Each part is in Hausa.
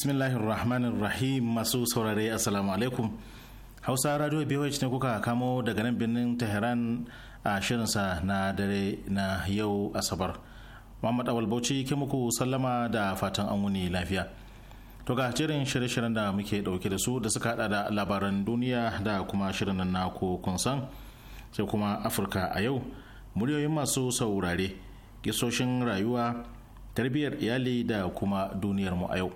rahim masu saurare Assalamu alaikum. Hausa Radio BOH ne kuka kamo daga nan birnin Tehran a shirinsa na dare na yau Asabar. Muhammad Awal Bauchi ke muku sallama da fatan an wuni lafiya. To ga jerin shirye-shiryen da muke dauke da su da suka hada da labaran duniya da kuma shirin na ko kun san sai kuma Afirka a yau muryoyin masu saurare kisoshin rayuwa tarbiyyar iyali da kuma duniyar mu a yau.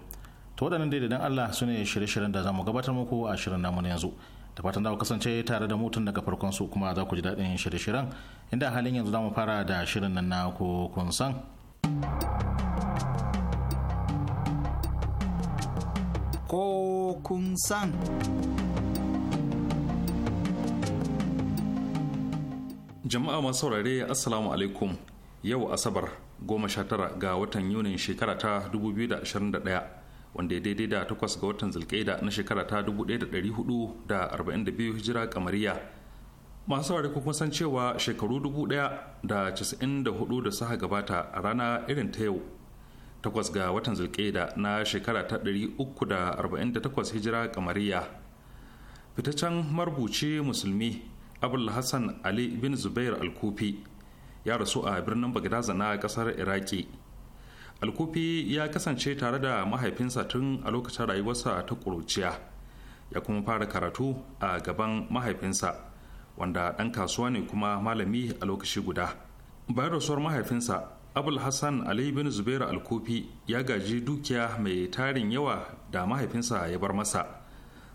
ta waɗannan dai dan Allah su ne shirye-shiryen da za mu gabatar muku a shirin namu na yanzu da fatan za ku kasance tare da mutum daga farkon su kuma za ku ji daɗin shirye-shiryen inda halin yanzu za mu fara da shirin nan na ku kun san ko kun san jama'a masu saurare assalamu alaikum yau asabar goma sha tara ga watan yunin shekara ta 2021 wanda ya daidai da takwas ga watan zulkaida na shekara ta 1442 hijira kamariya masu saurari kuma san cewa shekaru 1094 da suka gabata a rana irin ta yau takwas ga watan zulkaida na shekara ta 348 hijira kamariya fitaccen marubuci musulmi abul hassan ali bin zubair al-kufi ya rasu a birnin bagdaza na kasar iraki alkufi ya kasance tare da mahaifinsa tun a lokacin rayuwarsa ta ƙuruciya ya kuma fara karatu a gaban mahaifinsa wanda ɗan kasuwa ne kuma malami a lokaci guda bayan rasuwar mahaifinsa abul hassan ali bin zubair alkufi ya gaji dukiya mai tarin yawa da mahaifinsa ya bar masa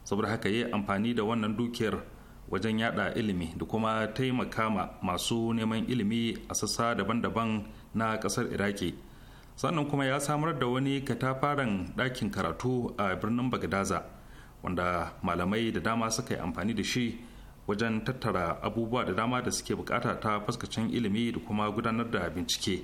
saboda haka ya yi amfani da wannan dukiyar wajen yada ilimi da kuma taimaka ma masu neman ilimi a sassa daban-daban na ƙasar iraki sannan kuma ya samar da wani katafaren ɗakin karatu a birnin bagadaza wanda malamai da dama suka yi amfani da shi wajen tattara abubuwa da dama da suke bukata ta fuskacin ilimi da kuma gudanar da bincike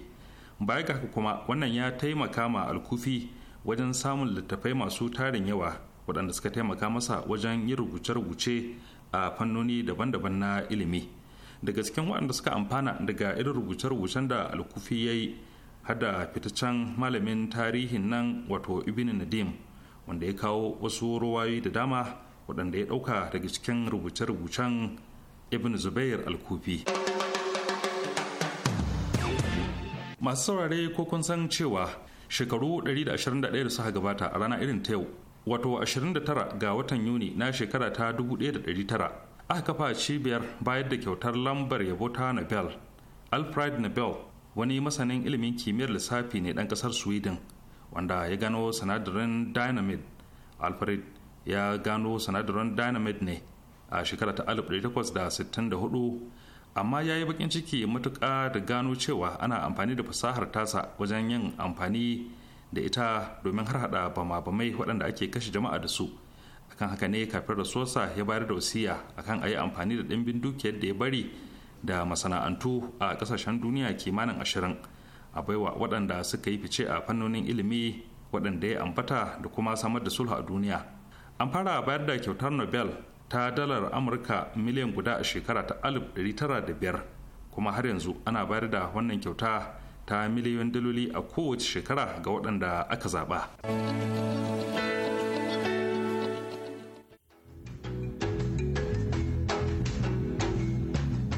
baya ga haka kuma wannan ya taimaka ma alkufi wajen samun littattafai masu tarin yawa waɗanda suka taimaka masa wajen yin rubuce-rubuce a fannoni daban-daban na ilimi daga cikin waɗanda suka amfana daga irin rubuce-rubucen da alkufi ya yi hada fitaccen malamin tarihin nan wato ibn nadim wanda ya kawo wasu ruwayoyi da dama waɗanda ya ɗauka daga cikin rubuce-rubucen ibn zubair al-kufi masu saurare ko kun san cewa shekaru 121 da suka gabata a rana irin ta yau wato 29 ga watan yuni na shekara ta 1900 aka kafa cibiyar bayar da kyautar lambar yabo ta nobel alfred nobel wani masanin ilimin kimiyyar lissafi ne dan kasar sweden wanda ya gano sinadarin dynamite alfred ya gano sinadarin dynamite ne a shekara ta 1864 amma ya yi bakin ciki matuka da gano cewa ana amfani da fasahar tasa wajen yin amfani da ita domin har hada bama-bamai waɗanda ake kashe jama'a da su akan haka ne kafin rasuwarsa ya bayar da wasiya akan a yi amfani da ɗimbin dukiyar da ya bari da masana'antu a kasashen duniya kimanin ashirin a baiwa waɗanda suka yi fice a fannonin ilimi waɗanda ya ambata da kuma samar da sulhu a duniya an fara bayar da kyautar nobel ta dalar amurka miliyan guda a shekara ta alif da tara biyar kuma har yanzu ana bayar da wannan kyauta ta miliyoyin daloli a kowace shekara ga waɗanda aka zaɓa.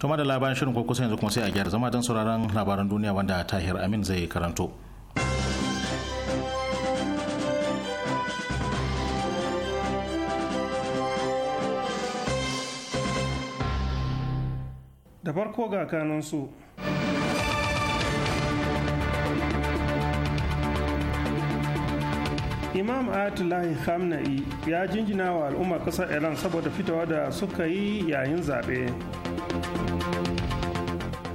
to da labaran shirin ko kusa yanzu kuma sai a gyara zama don sauraron labaran duniya wanda tahir amin zai karanto da farko ga kanunsu imam ayatollah khamenei ya jinjina wa al'ummar kasar iran saboda fitowa da suka yi yayin zaɓe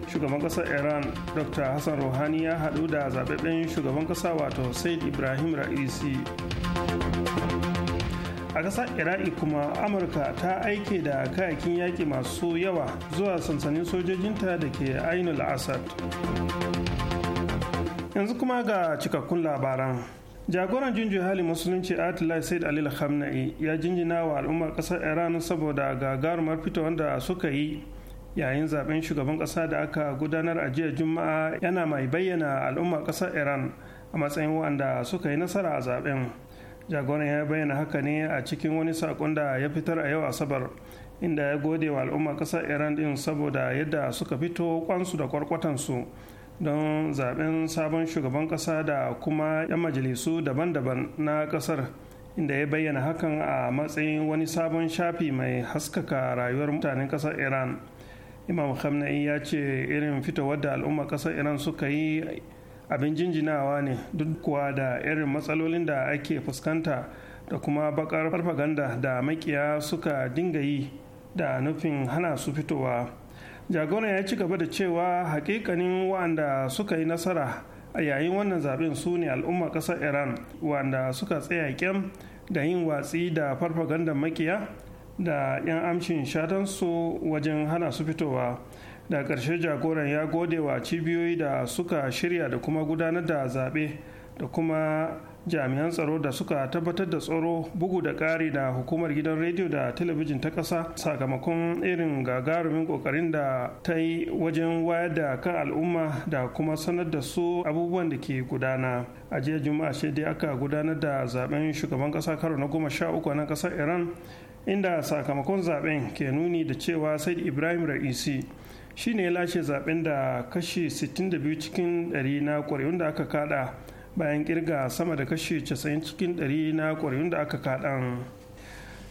shugaban kasar iran dr hassan rouhani ya haɗu da zaɓaɓɓen shugaban kasa wato said ibrahim ra'isi a ƙasar iraki kuma amurka ta aike da kayakin yaƙi masu yawa zuwa sansanin sojojinta da ke ainul asad yanzu kuma ga cikakkun labaran jagoran jinjin hali musulunci atila said alil khamnai ya jinjina wa al'ummar ƙasar iran saboda gagarumar fito wanda suka yi yayin zaben shugaban ƙasa da aka gudanar a jiya juma'a yana mai bayyana al'umma ƙasar iran a matsayin wanda suka yi nasara a zaben jagoran ya bayyana haka ne a cikin wani saƙon da ya fitar a yau asabar inda ya gode wa al'umma ƙasar iran din saboda yadda suka fito kwansu da kwarkwatansu don zaben sabon shugaban ƙasa da kuma 'yan majalisu daban-daban na ƙasar inda ya bayyana hakan a matsayin wani sabon shafi mai haskaka rayuwar mutanen ƙasar iran imam khamenei ya ce irin fitowar da al'umma ƙasar iran suka yi abin jinjinawa ne duk kuwa da irin matsalolin da ake fuskanta da kuma bakar farfaganda da makiya suka dinga yi da nufin hana su fitowa jagoran ya ci gaba da cewa hakikanin wa'anda suka yi nasara a yayin wannan zaben su ne al'umma ƙasar iran wanda suka tsaya ƙyam da yin watsi da farfaganda makiya da 'yan amshin shatansu wajen hana su fitowa da ƙarshe jagoran ya gode wa cibiyoyi da suka shirya da kuma gudanar da zaɓe da kuma jami'an tsaro da suka tabbatar da tsaro bugu da ƙari da hukumar gidan rediyo da talabijin ta ƙasa sakamakon irin gagarumin ƙoƙarin da ta yi wajen wayar da kan al'umma da kuma sanar da su abubuwan da ke gudana a jiya juma'a ce dai aka gudanar da zaben shugaban ƙasa karo na goma sha uku na ƙasar iran inda sakamakon zaben ke nuni da cewa said ibrahim ra'isi shi ne lashe zaben da kashi 62 cikin 100 na ƙwarewun da aka kada bayan kirga sama da kashi 90 cikin 100 na ƙwarewun da aka kaɗan.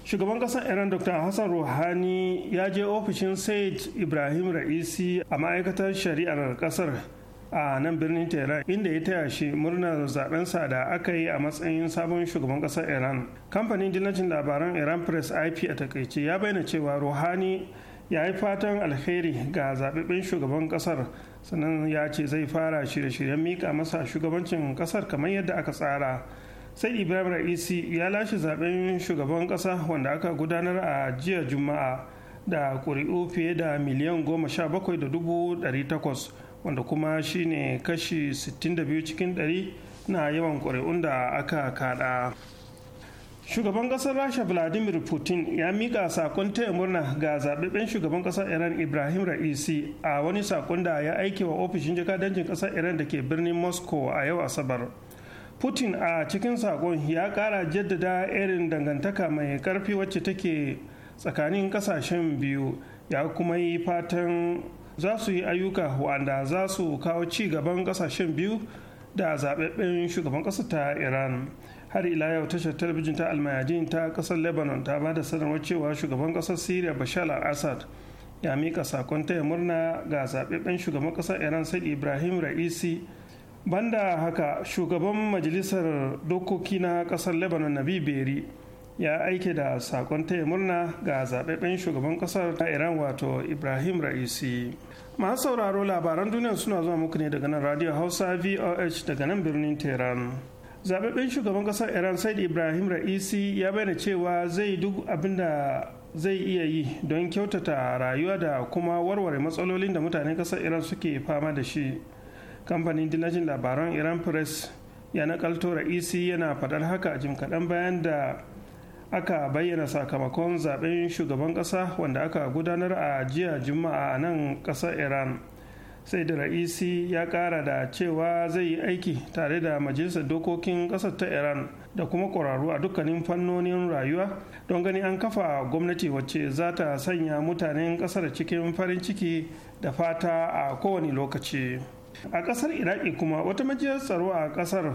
shugaban kasar iran dr hassan rouhani ya je ofishin said ibrahim ra'isi a ma'aikatar shari'ar kasar a nan birnin tehran inda ya taya shi murnar zabensa da aka yi a matsayin sabon shugaban kasar iran kamfanin dillacin labaran iran press ip a takaice ya bayyana cewa ruhani ya yi fatan alheri ga zaɓaɓɓen shugaban kasar sannan ya ce zai fara shirye-shiryen mika masa shugabancin kasar kamar yadda aka tsara sai ibrahim ra'isi ya lashe zaɓen shugaban kasa wanda aka gudanar a jiya juma'a da ƙuri'u fiye da miliyan goma sha bakwai da dubu ɗari takwas wanda kuma shine kashi 62 cikin 100 na yawan ƙuri'un da aka kada shugaban kasar rasha vladimir putin ya mika sakon taya murna ga zaɓiɓɓen shugaban ƙasar iran ibrahim ra'isi a wani sakon da ya aike wa ofishin jakadancin ƙasar iran da ke birnin moscow a yau asabar putin a cikin sakon ya ƙara jaddada irin dangantaka mai karfi wacce take tsakanin ƙasashen biyu ya kuma yi fatan za su yi ayyuka wanda za su kawo ci gaban kasashen biyu da zaɓaɓɓen shugaban ƙasa ta iran har ila yau tashar talabijin ta almayadin ta ƙasar lebanon ta ba da sanarwar cewa shugaban ƙasar syria bashar al-assad ya mika sakon taya murna ga zaɓaɓɓen shugaban ƙasar iran sai ibrahim ra'isi banda haka shugaban majalisar dokoki na ƙasar lebanon nabi beri ya aike da sakon taya murna ga zaɓaɓɓen shugaban ƙasar ta iran wato ibrahim ra'isi masu sauraro labaran duniya suna zuwa muku ne daga nan radio hausa voh daga nan birnin tehran zaɓeɓen shugaban ƙasar iran said ibrahim ra'isi ya bayyana cewa zai duk abin da zai iya yi don kyautata rayuwa da kuma warware matsalolin da mutanen ƙasar iran suke fama da shi kamfanin dillacin labaran iran press ya nakalto ra'isi yana faɗar haka jim kaɗan bayan da aka bayyana sakamakon zaben shugaban ƙasa wanda aka gudanar a jiya juma'a a nan ƙasar iran sai da ra'isi ya ƙara da cewa zai yi aiki tare da majalisar dokokin ƙasar ta iran da kuma ƙwararru a dukkanin fannonin rayuwa don gani an kafa gwamnati wacce za ta sanya mutanen ƙasar cikin farin ciki da fata a kowane lokaci a ƙasar iraki kuma wata majiyar tsaro a ƙasar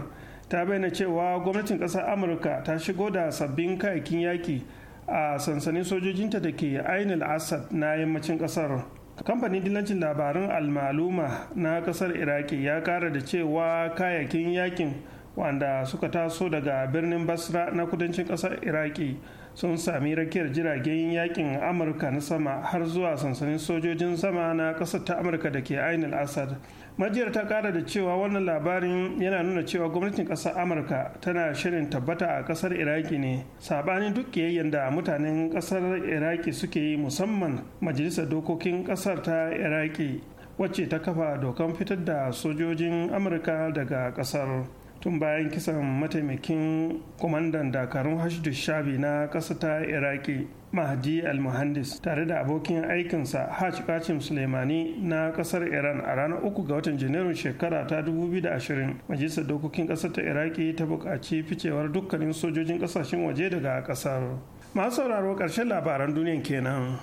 ta bayyana cewa gwamnatin kasar amurka ta shigo da sabbin kayakin yaki a sansanin sojojinta da ke ainihin assad na yammacin kasar. kamfanin dillancin labarun almaluma na kasar iraki ya kara da cewa kayakin yakin wanda suka taso daga birnin basra na kudancin kasar iraki sun sami rakiyar jiragen yakin amurka na sama har zuwa sansanin sojojin sama na kasar ta amurka da ke ainihin assad majiyar ta kara da cewa wannan labarin yana nuna cewa gwamnatin kasar amurka tana shirin tabbata a kasar iraki ne sabanin duk kiyayyen da mutanen kasar iraki suke yi musamman majalisar dokokin kasar ta iraki wacce ta kafa dokan fitar da sojojin amurka daga kasar tun bayan kisan mataimakin kwamandan dakarun Hajji shabi na ƙasa ta iraki mahdi al muhandis tare da abokin aikinsa hajj kacim suleimani na ƙasar iran a ranar uku ga watan janairun shekara ta 2020 majalisar dokokin kasar ta iraki ta buƙaci ficewar dukkanin sojojin ƙasashen waje daga ƙasar masu sauraro ƙarshen labaran duniya kenan.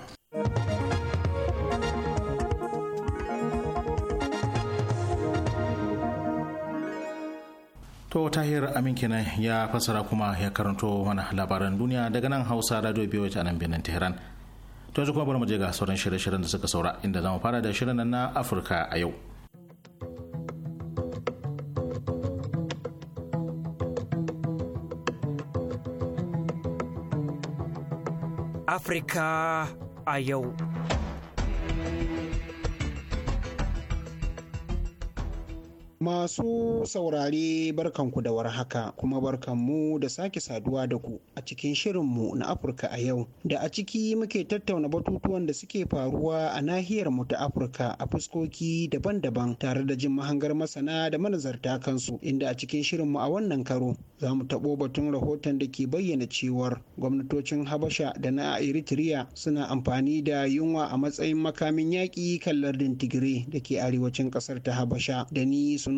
To tahir amin kenan ya fassara kuma ya karanto mana labaran duniya daga nan hausa radio biyu a nan birnin tehran to yanzu kuma bari mu je ga sauran shirye-shiryen da suka saura inda zamu fara da shirin nan na afirka a yau Afirka a yau. Masu saurare barkanku da warhaka kuma barkanmu da sake saduwa da ku a cikin shirinmu na Afirka a yau da a ciki muke tattauna batutuwan da suke faruwa a nahiyar mu ta Afirka a fuskoki daban-daban tare da jin mahangar masana da manazarta kansu inda a cikin shirinmu a wannan karo za mu taɓo batun rahoton da ke bayyana cewar gwamnatocin Habasha da na Eritrea suna amfani da yunwa a matsayin makamin yaƙi kan lardin Tigray da ke arewacin ƙasar ta Habasha da ni sun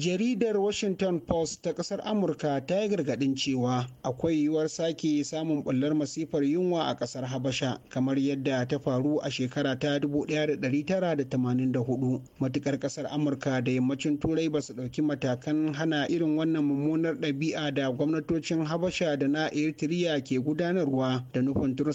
jaridar washington post ta kasar amurka ta yi gargadin cewa akwai yiwuwar sake samun bullar masifar yunwa a kasar habasha kamar yadda ta faru a shekara ta 1984 matukar kasar amurka da yammacin turai ba su ɗauki matakan hana irin wannan mummunar ɗabi'a da gwamnatocin habasha da na eritrea ke gudanarwa da nufin wa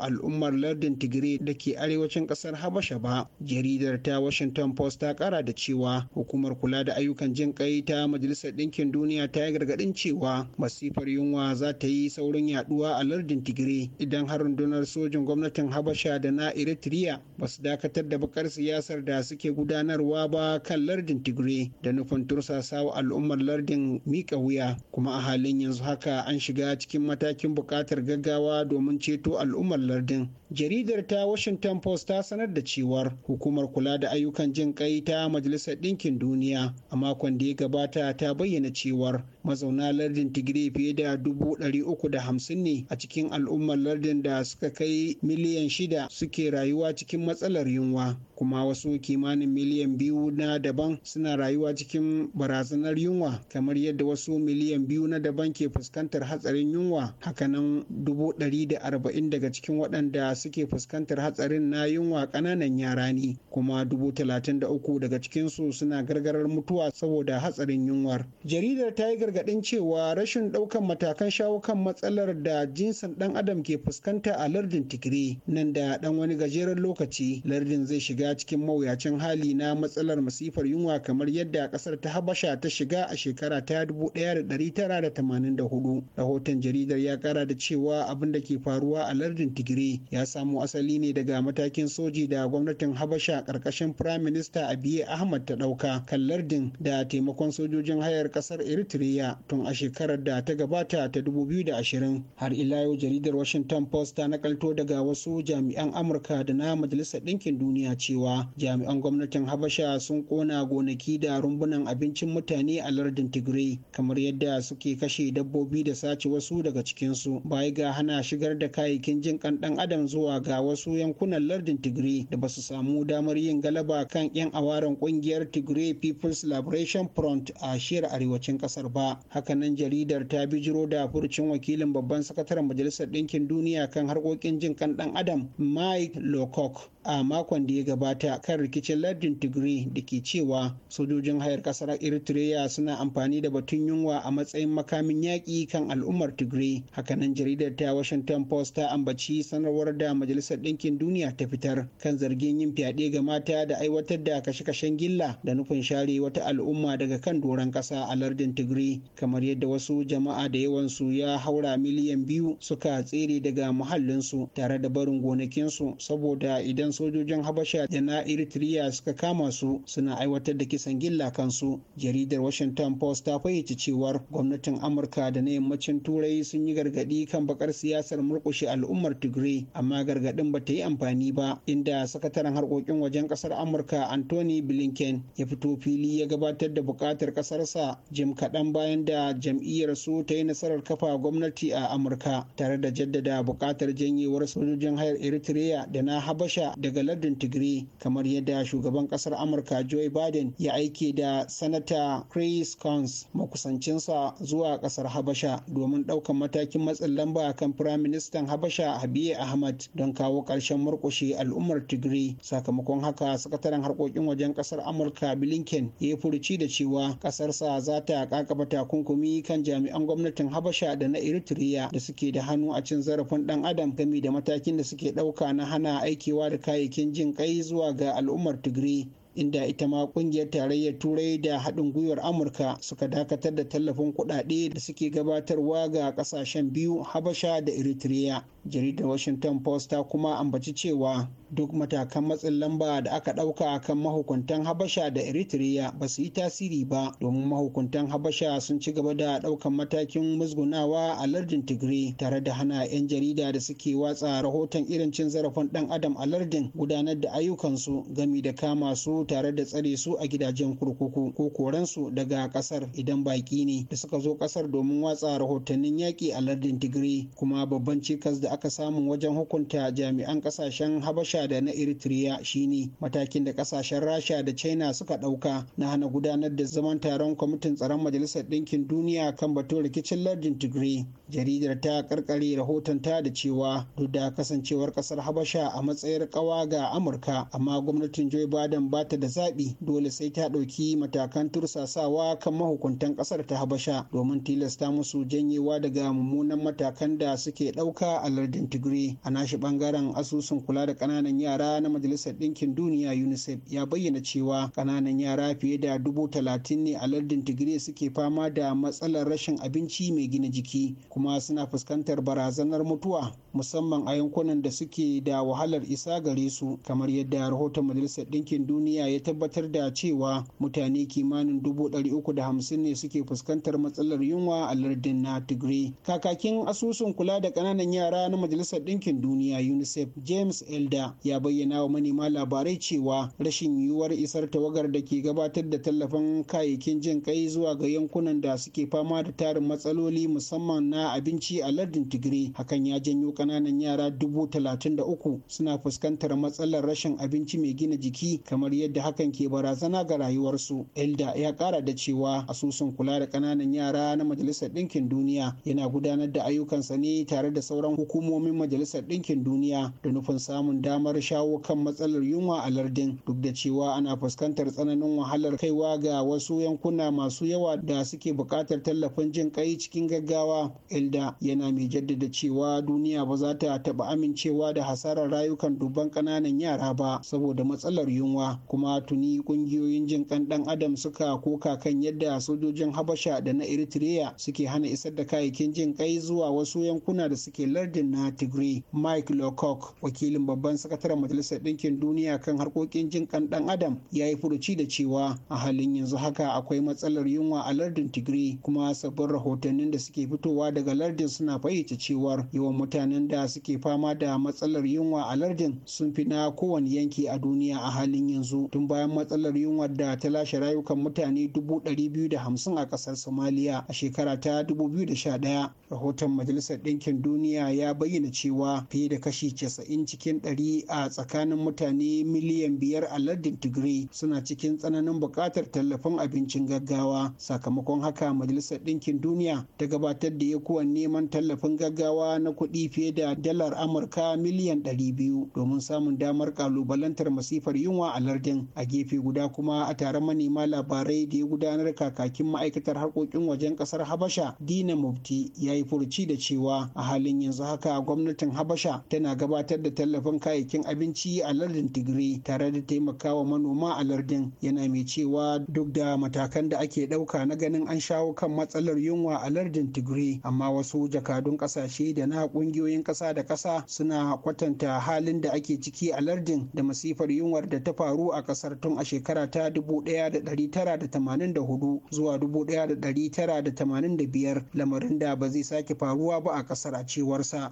al'ummar lardin tigray da ke arewacin kasar habasha ba jaridar ta washington post ta kara da cewa hukumar kula da ayyukan jin kai ta majalisar ɗinkin duniya ta yi gargaɗin cewa masifar yunwa za ta yi saurin yaduwa a lardin tigire idan har rundunar sojin gwamnatin habasha da na eritrea ba su dakatar da bakar siyasar da suke gudanarwa ba kan lardin tigire da nufin tursasa wa al'ummar lardin miƙa wuya kuma a halin yanzu haka an shiga cikin matakin buƙatar gaggawa domin ceto al'ummar lardin jaridar ta washington post ta sanar da cewar hukumar kula da ayyukan jin kai ta majalisar ɗinkin duniya a makon wanda ya gabata ta bayyana cewar mazauna lardin tigray fiye da dubu ɗari uku da hamsin ne a cikin al'ummar lardin da suka kai miliyan shida suke rayuwa cikin matsalar yunwa kuma wasu kimanin miliyan biyu na daban suna rayuwa cikin barazanar yunwa kamar yadda wasu miliyan biyu na daban ke fuskantar hatsarin yunwa hakanan dubu ɗari da arba'in daga cikin waɗanda suke fuskantar hatsarin na yunwa ƙananan yara ne kuma dubu talatin da uku daga cikinsu suna gargarar mutuwa saboda hatsarin yunwar jaridar tiger gargaɗin cewa rashin ɗaukan matakan shawo kan matsalar da jinsin ɗan adam ke fuskanta a lardin tigiri nan da ɗan wani gajeren lokaci lardin zai shiga cikin mawuyacin hali na matsalar masifar yunwa kamar yadda ƙasar ta habasha ta shiga a shekara ta 1984 rahoton jaridar ya kara da cewa abin da ke faruwa a lardin tigiri ya samo asali ne daga matakin soji da gwamnatin habasha ƙarƙashin firayim minista abiye ahmad ta ɗauka kan lardin da taimakon sojojin hayar ƙasar eritrea isra'ila tun a shekarar da ta gabata ta 2020 har ila yau jaridar washington post ta nakalto daga wasu jami'an amurka da na majalisar ɗinkin duniya cewa jami'an gwamnatin habasha sun kona gonaki da rumbunan abincin mutane a lardin tigray kamar yadda suke kashe dabbobi da sace wasu daga cikinsu bai ga hana shigar da kayayyakin jin kan dan adam zuwa ga wasu yankunan lardin tigray da ba su samu damar yin galaba kan 'yan awaren ƙungiyar tigray people's liberation front a shiyar arewacin ƙasar ba haka nan jaridar ta bijiro da furcin wakilin babban sakataren majalisar ɗinkin duniya kan harkokin jin kan ɗan adam mike lokok. a makon da ya gabata kan rikicin lardin tigray da ke cewa sojojin hayar kasar eritrea suna amfani da batun yunwa a matsayin makamin yaƙi kan al'ummar tigray hakanan jaridar ta washington post ta ambaci sanarwar da majalisar ɗinkin duniya ta fitar kan zargin yin fyaɗe ga mata da aiwatar da kashe-kashen gilla da nufin share wata al'umma daga kan doron ƙasa a lardin tigray kamar yadda wasu jama'a da yawansu ya haura miliyan biyu suka tsere daga muhallinsu tare da barin gonakinsu saboda idan sojojin habasha da na eritrea suka kama su suna aiwatar da kisan gilla kansu jaridar washington post ta fayyace cewar gwamnatin amurka da na yammacin turai sun yi gargadi kan bakar siyasar murkushe al'ummar tigray amma gargadin ba ta yi amfani ba inda sakataren harkokin wajen ƙasar amurka anthony blinken ya fito fili ya gabatar da bukatar ƙasarsa, jim kaɗan bayan da jam'iyyar su ta yi nasarar kafa gwamnati a amurka tare da jaddada buƙatar janyewar sojojin hayar eritrea da na habasha daga lardin tigray kamar yadda shugaban kasar amurka joe biden ya aike da sanata chris coons makusancinsa zuwa kasar habasha domin ɗaukan matakin matsin lamba kan firaministan habasha habiye ahmad don kawo ƙarshen murƙushe al'ummar tigray sakamakon haka sakataren harkokin wajen kasar amurka blinken ya yi furuci da cewa ƙasarsa za ta kakaba takunkumi kan jami'an gwamnatin habasha da na eritrea da suke da hannu a cin zarafin ɗan adam game da matakin da suke ɗauka na hana aikewa da kayayyakin jin kai zuwa ga al'ummar tigiri inda ita ma kungiyar tarayyar turai da haɗin gwiwar amurka suka dakatar da tallafin kuɗaɗe da suke gabatarwa ga ƙasashen biyu habasha da eritrea jaridar washington post ta kuma ambaci cewa duk matakan matsin lamba da aka ɗauka kan mahukuntan habasha da eritrea ba su yi tasiri ba domin mahukuntan habasha sun ci gaba da ɗaukan matakin musgunawa a lardin tigray tare da hana 'yan jarida da suke watsa rahoton irin cin zarafin ɗan adam a lardin gudanar da ayyukansu gami da kama su tare da tsare su a gidajen kurkuku ko koransu daga ƙasar idan baƙi ne da suka zo ƙasar domin watsa rahotannin yaƙi a lardin tigray kuma babban cikas da aka samu wajen hukunta jami'an kasashen habasha da na eritrea shine matakin da kasashen rasha da china suka ɗauka na hana gudanar da zaman taron kwamitin tsaron majalisar ɗinkin duniya kan batun rikicin lardin tigray jaridar ta karkare rahoton ta da cewa duk da kasancewar kasar habasha a matsayar kawa ga amurka amma gwamnatin joe biden ba ta da zaɓi dole sai ta ɗauki matakan tursasawa kan mahukuntan kasar ta habasha domin tilasta musu janyewa daga mummunan matakan da suke ɗauka a lardin tigray a nashi bangaren asusun kula da kananan yara na majalisar ɗinkin duniya unicef ya bayyana cewa kananan yara fiye da dubu talatin ne a lardin tigray suke fama da matsalar rashin abinci mai gina jiki kuma suna fuskantar barazanar mutuwa musamman a yankunan da suke da wahalar isa gare su kamar yadda rahoton majalisar ɗinkin duniya ya tabbatar da cewa mutane kimanin dubu ɗari uku da hamsin ne suke fuskantar matsalar yunwa a lardin na tigray kakakin asusun kula da kananan yara na majalisar ɗinkin duniya unicef james elder ya bayyana wa manema labarai cewa rashin yiwuwar isar tawagar da ke gabatar da tallafin kayayyakin jin kai zuwa ga yankunan da suke fama da tarin matsaloli musamman na abinci a lardin tigray hakan ya janyo ƙananan yara dubu talatin da uku suna fuskantar matsalar rashin abinci mai gina jiki kamar yadda hakan ke barazana ga rayuwarsu elda ya kara da cewa asusun kula da ƙananan yara na majalisar ɗinkin duniya yana gudanar da ayyukansa ne tare da sauran hukumar hukumomin majalisar ɗinkin duniya da nufin samun damar shawo kan matsalar yunwa a lardin duk da cewa ana fuskantar tsananin wahalar kaiwa ga wasu yankuna masu yawa da suke buƙatar tallafin jin ƙai cikin gaggawa ilda yana mai jaddada cewa duniya ba za ta taɓa amincewa da hasarar rayukan dubban ƙananan yara ba saboda matsalar yunwa kuma tuni ƙungiyoyin jin ƙan ɗan adam suka koka kan yadda sojojin habasha da na eritrea suke hana isar da kayayyakin jin ƙai zuwa wasu yankuna da suke lardin na tigray mike lowcock wakilin babban sakataren majalisar ɗinkin duniya kan harkokin jin kan ɗan adam ya yi furuci da cewa a halin yanzu haka akwai matsalar yunwa a lardin tigray kuma sabbin rahotannin da suke fitowa daga lardin suna fayyace cewar yawan mutanen da suke fama da matsalar yunwa a lardin sun fi na kowane yanki a duniya a halin yanzu tun bayan matsalar yunwa da ta lashe rayukan mutane dubu ɗari biyu da hamsin a ƙasar somaliya a shekara ta ɗaya rahoton majalisar ɗinkin duniya ya bayyana cewa fiye da kashi casa'in cikin ɗari a tsakanin mutane miliyan biyar a lardin tigray suna cikin tsananin buƙatar tallafin abincin gaggawa sakamakon haka majalisar ɗinkin duniya ta gabatar da yakuwan neman tallafin gaggawa na kuɗi fiye da dalar amurka miliyan ɗari biyu domin samun damar kalubalantar masifar yunwa a lardin a gefe guda kuma a tare manema labarai da ya gudanar kakakin ma'aikatar harkokin wajen ƙasar habasha dina mufti ya yi furuci da cewa a halin yanzu haka da gwamnatin habasha tana gabatar da tallafin kayayyakin abinci a lardin tigray tare da taimakawa manoma a lardin yana mai cewa duk da matakan da ake ɗauka na ganin an shawo kan matsalar yunwa a lardin tigray amma wasu jakadun ƙasashe da na ƙungiyoyin ƙasa da ƙasa suna kwatanta halin da ake ciki a lardin da masifar yunwar da ta faru a ƙasar tun a shekara ta 1984 zuwa 1985 lamarin da ba zai sake faruwa ba a ƙasar a cewarsa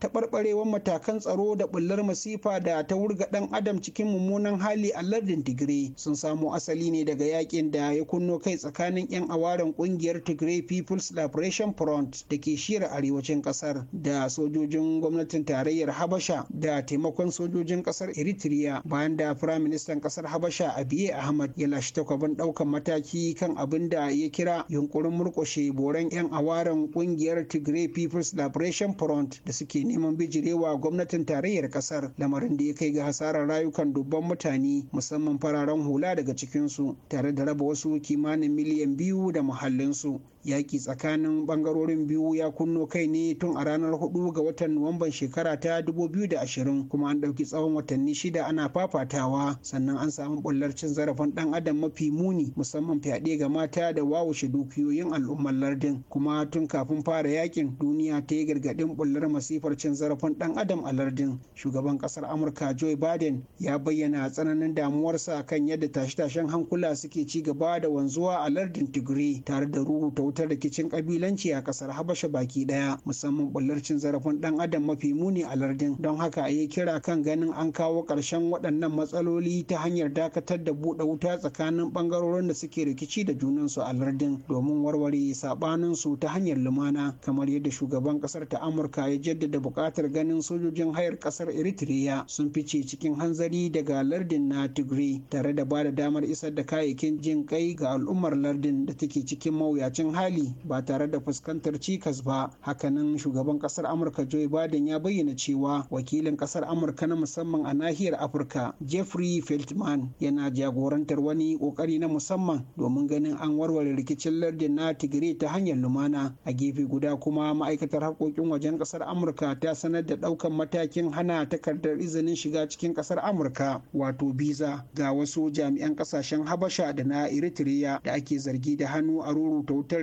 taɓarɓarewar matakan tsaro da bullar masifa da ta wurga ɗan adam cikin mummunan hali a lardin tigray sun samo asali ne daga yakin da ya kunno kai tsakanin 'yan awaren ƙungiyar tigray people's liberation front da ke shira arewacin ƙasar da sojojin gwamnatin tarayyar habasha da taimakon sojojin ƙasar eritrea bayan da firaministan ƙasar habasha abiye ahmad ya lashe takwabin ɗaukan mataki kan abin da ya kira yunkurin murƙushe boran 'yan awaren ƙungiyar tigray people's liberation front da suke neman bijirewa gwamnatin tarayyar kasar lamarin da ya kai ga hasarar rayukan dubban mutane musamman fararen hula daga cikinsu tare da raba wasu kimanin miliyan biyu da muhallinsu yaƙi tsakanin ɓangarorin biyu ya kunno kai ne tun a ranar 4 ga watan nuwamban shekara ta 2020 kuma an ɗauki tsawon watanni shida ana fafatawa sannan an samu bullar cin zarafin ɗan adam mafi muni musamman fyaɗe ga mata da waushe dukiyoyin al'ummar lardin kuma tun kafin fara yakin duniya ta yi gargaɗin bullar masifar cin zarafin ɗan adam a lardin shugaban ƙasar amurka joe biden ya bayyana tsananin damuwarsa kan yadda tashe-tashen hankula suke ci gaba da wanzuwa a lardin tigray tare da rubuta ta rikicin kabilanci a kasar habasha baki daya musamman bullar cin zarafin dan adam mafi muni a lardin don haka a yi kira kan ganin an kawo ƙarshen waɗannan matsaloli ta hanyar dakatar da buɗe wuta tsakanin ɓangarorin da suke rikici da junansu a lardin domin warware saɓanin su ta hanyar lumana kamar yadda shugaban ƙasar ta amurka ya jaddada buƙatar ganin sojojin hayar ƙasar eritrea sun fice cikin hanzari daga lardin na tigray tare da ba da damar isar da kayayyakin jin kai ga al'ummar lardin da take cikin mawuyacin hayar iyali ba tare da fuskantar cikas ba hakanan shugaban kasar amurka joe biden ya bayyana cewa wakilin kasar amurka na musamman a nahiyar afirka jeffrey feldman yana jagorantar wani kokari na musamman domin ganin an warware rikicin lardin na tigray ta hanyar lumana a gefe guda kuma ma'aikatar harkokin wajen kasar amurka ta sanar da daukan matakin hana takardar izinin shiga cikin kasar amurka wato biza ga wasu jami'an kasashen habasha da na eritrea da ake zargi da hannu a ta wutar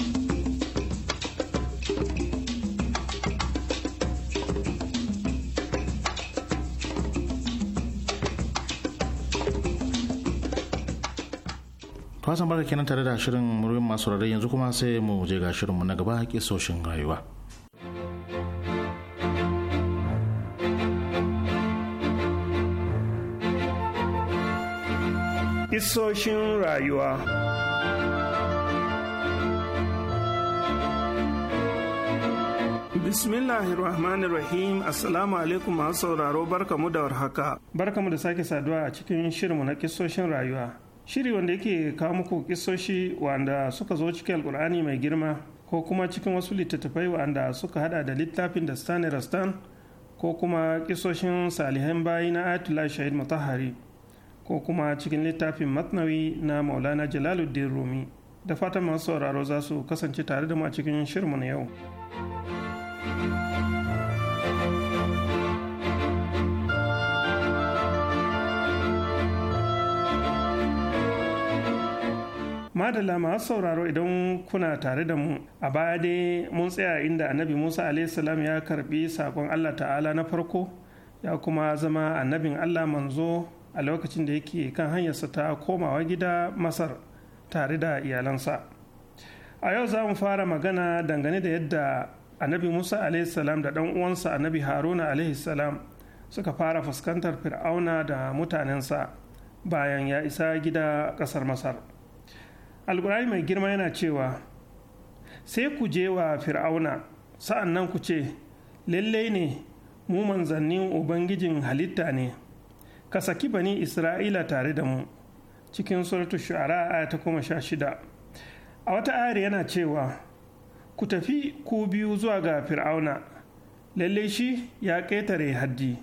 Fasan barka kenan tare da shirin muryoyin masu rarai yanzu kuma sai mu je ga shirinmu na gaba kisoshin rayuwa. Isoshin rayuwa Rahim Assalamu alaikum masu sauraro barkamu da warhaka. Barkamu da sake saduwa a cikin shirinmu na kisoshin rayuwa. shiri wanda yake kawo muku kisoshi wanda suka zo cikin alkur'ani mai girma ko kuma cikin wasu littattafai wanda suka hada da littafin da stan rastan ko kuma kisoshin salihan bayi na atula shahid mutahari ko kuma cikin littafin matnawi na maulana jalaluddin rumi da fatan masu sauraro za su kasance tare da mu a cikin shirin mu na yau. madalla masu sauraro idan kuna tare da mu a baya dai mun tsaya inda annabi musa salam ya karbi sakon allah ta'ala na farko ya kuma zama annabin allah manzo a lokacin da yake kan hanyarsa ta komawa gida masar tare da iyalansa a yau za mu fara magana dangane da yadda annabi musa salam da dan uwansa annabi haruna salam suka fara fuskantar fir'auna da mutanensa bayan ya isa gida kasar masar alkur'ani mai girma yana cewa sai ku je wa fir'auna sa'an nan ku ce lallai ne mu manzannin ubangijin halitta ne ka saki bani isra'ila tare da mu cikin suratu shu'ara aya ta kuma sha shida a wata ayar yana cewa ku tafi ku biyu zuwa ga fir'auna lallai shi ya ƙetare haddi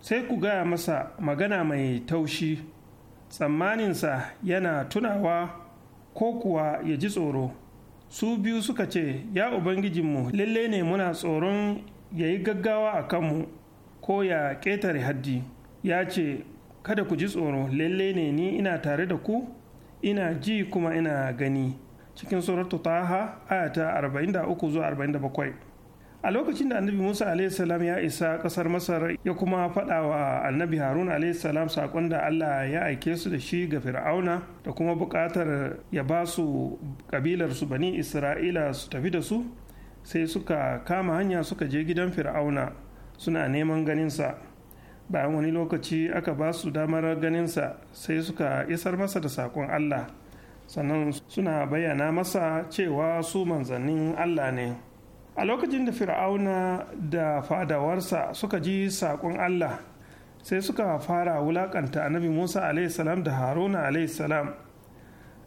sai ku gaya masa magana mai taushi tsammaninsa yana tunawa ko kuwa ya ji tsoro su biyu suka ce ya ubangijinmu lalle ne muna tsoron ya yi gaggawa a kanmu ko ya ƙetare haddi ya ce kada ku ji tsoro lalle ne ni ina tare da ku ina ji kuma ina gani cikin suratu taha ha ayata 43 zuwa 47 a lokacin da annabi musa alaihissalam ya isa kasar masar ya kuma faɗa wa annabi harun alaihissalam saƙon da allah ya aike su da shi ga fir'auna da kuma buƙatar ya ba su ƙabilarsu bani isra'ila su tafi da su sai suka kama hanya suka je gidan fir'auna suna neman ganinsa bayan wani lokaci aka ba su damar ganinsa sai suka isar masa da saƙon allah sannan suna bayyana masa cewa su manzannin allah ne. a lokacin da fir'auna da fadawarsa suka ji saƙon allah sai suka fara wulaƙanta annabi musa salam da haruna salam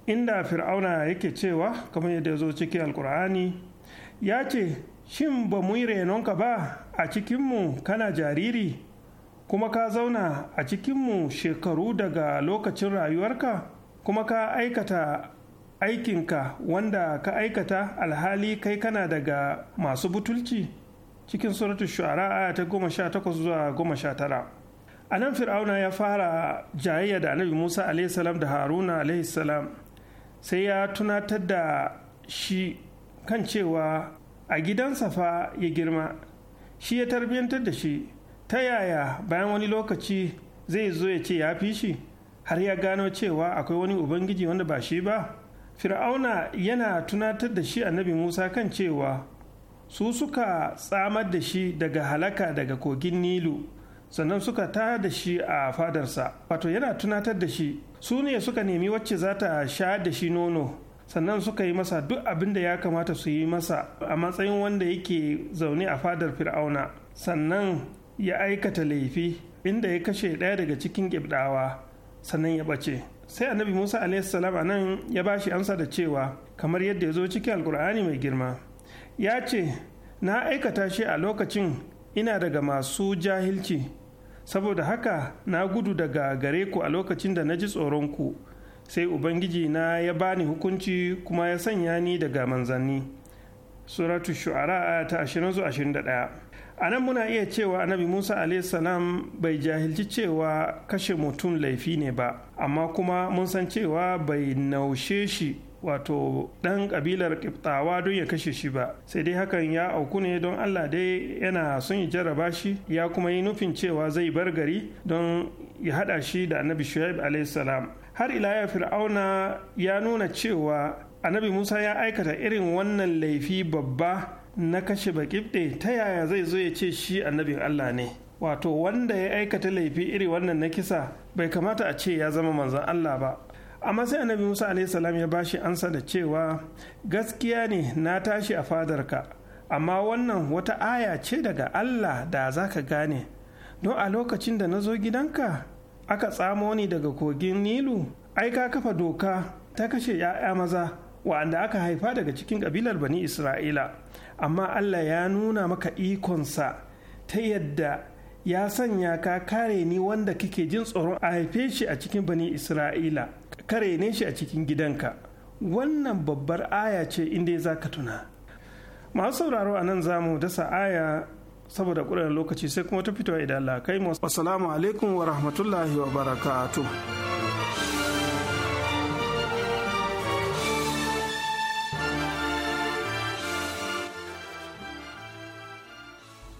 inda fir'auna yake cewa kamar yadda ya zo cikin alkur'ani ya ce shin ba mu yi renonka ba a cikinmu kana jariri kuma ka zauna a cikinmu shekaru daga lokacin rayuwarka kuma ka aikata aikinka wanda ka aikata alhali kai kana daga masu butulci cikin suratu shu'ara aya ta goma sha takwas zuwa goma sha tara a nan fir'auna ya fara jayayya da annabi musa alaihissalam da haruna alaihissalam sai ya tunatar da shi kan cewa a gidansa fa ya girma shi ya tarbiyyantar da shi ta yaya bayan wani lokaci zai zo ya ce ya fi shi har ya gano cewa akwai wani ubangiji wanda ba shi ba fir'auna yana tunatar da shi annabi musa kan cewa su suka tsamar da shi daga halaka daga kogin nilu sannan suka ta da shi a fadarsa wato yana tunatar da shi su ne suka nemi wacce za ta sha da shi nono sannan suka yi masa duk abin da ya kamata su yi masa a matsayin wanda yake zaune a fadar fir'auna sannan ya aikata laifi inda ya kashe ɗaya daga cikin ƙibɗawa sannan ya ɓace sai annabi musa alaihissalam a nan ya ba shi amsa da cewa kamar yadda ya zo cikin alkur'ani mai girma ya ce na aikata shi a lokacin ina daga masu jahilci saboda haka na gudu daga gare ku a lokacin da na ji tsoronku, sai ubangiji na ya bani hukunci kuma ya sanya ni daga manzanni suratu shu'ara ta 20 21 a nan muna iya cewa annabi musa salam bai jahilci cewa kashe mutum laifi ne ba amma kuma mun san cewa bai naushe shi wato ɗan ƙabilar ƙiftawa don ya kashe shi ba sai dai hakan ya auku ne don allah dai yana son ya jarraba shi ya kuma yi nufin cewa zai bar gari don ya haɗa shi da annabi shu'aib salam har ila fir'auna ya nuna cewa annabi musa ya aikata irin wannan laifi babba na kashe bakibde ta yaya zai zo ya ce shi annabin Allah ne wato wanda ya aikata laifi iri wannan na kisa bai kamata a ce ya zama manzan Allah ba amma sai annabi Musa salam ya bashi ansa da cewa gaskiya ne na tashi a fadarka amma wannan wata aya ce daga Allah da za ka gane don a lokacin da na zo gidanka aka tsamo ni daga kogin nilu ai ka kafa doka ta kashe 'ya'ya maza wa'anda aka haifa daga cikin kabilar bani isra'ila amma Allah ya nuna maka ikonsa ta yadda ya sanya ka kare ni wanda kike jin tsoron a haife shi a cikin bani Isra'ila kare ne shi a cikin gidanka wannan babbar aya ce inda za ka tuna masu sauraro a nan zamu dasa aya saboda kuɗin lokaci sai kuma ta fitowa idan Allah kai wasu alaikum wa rahmatullahi wa barakatuh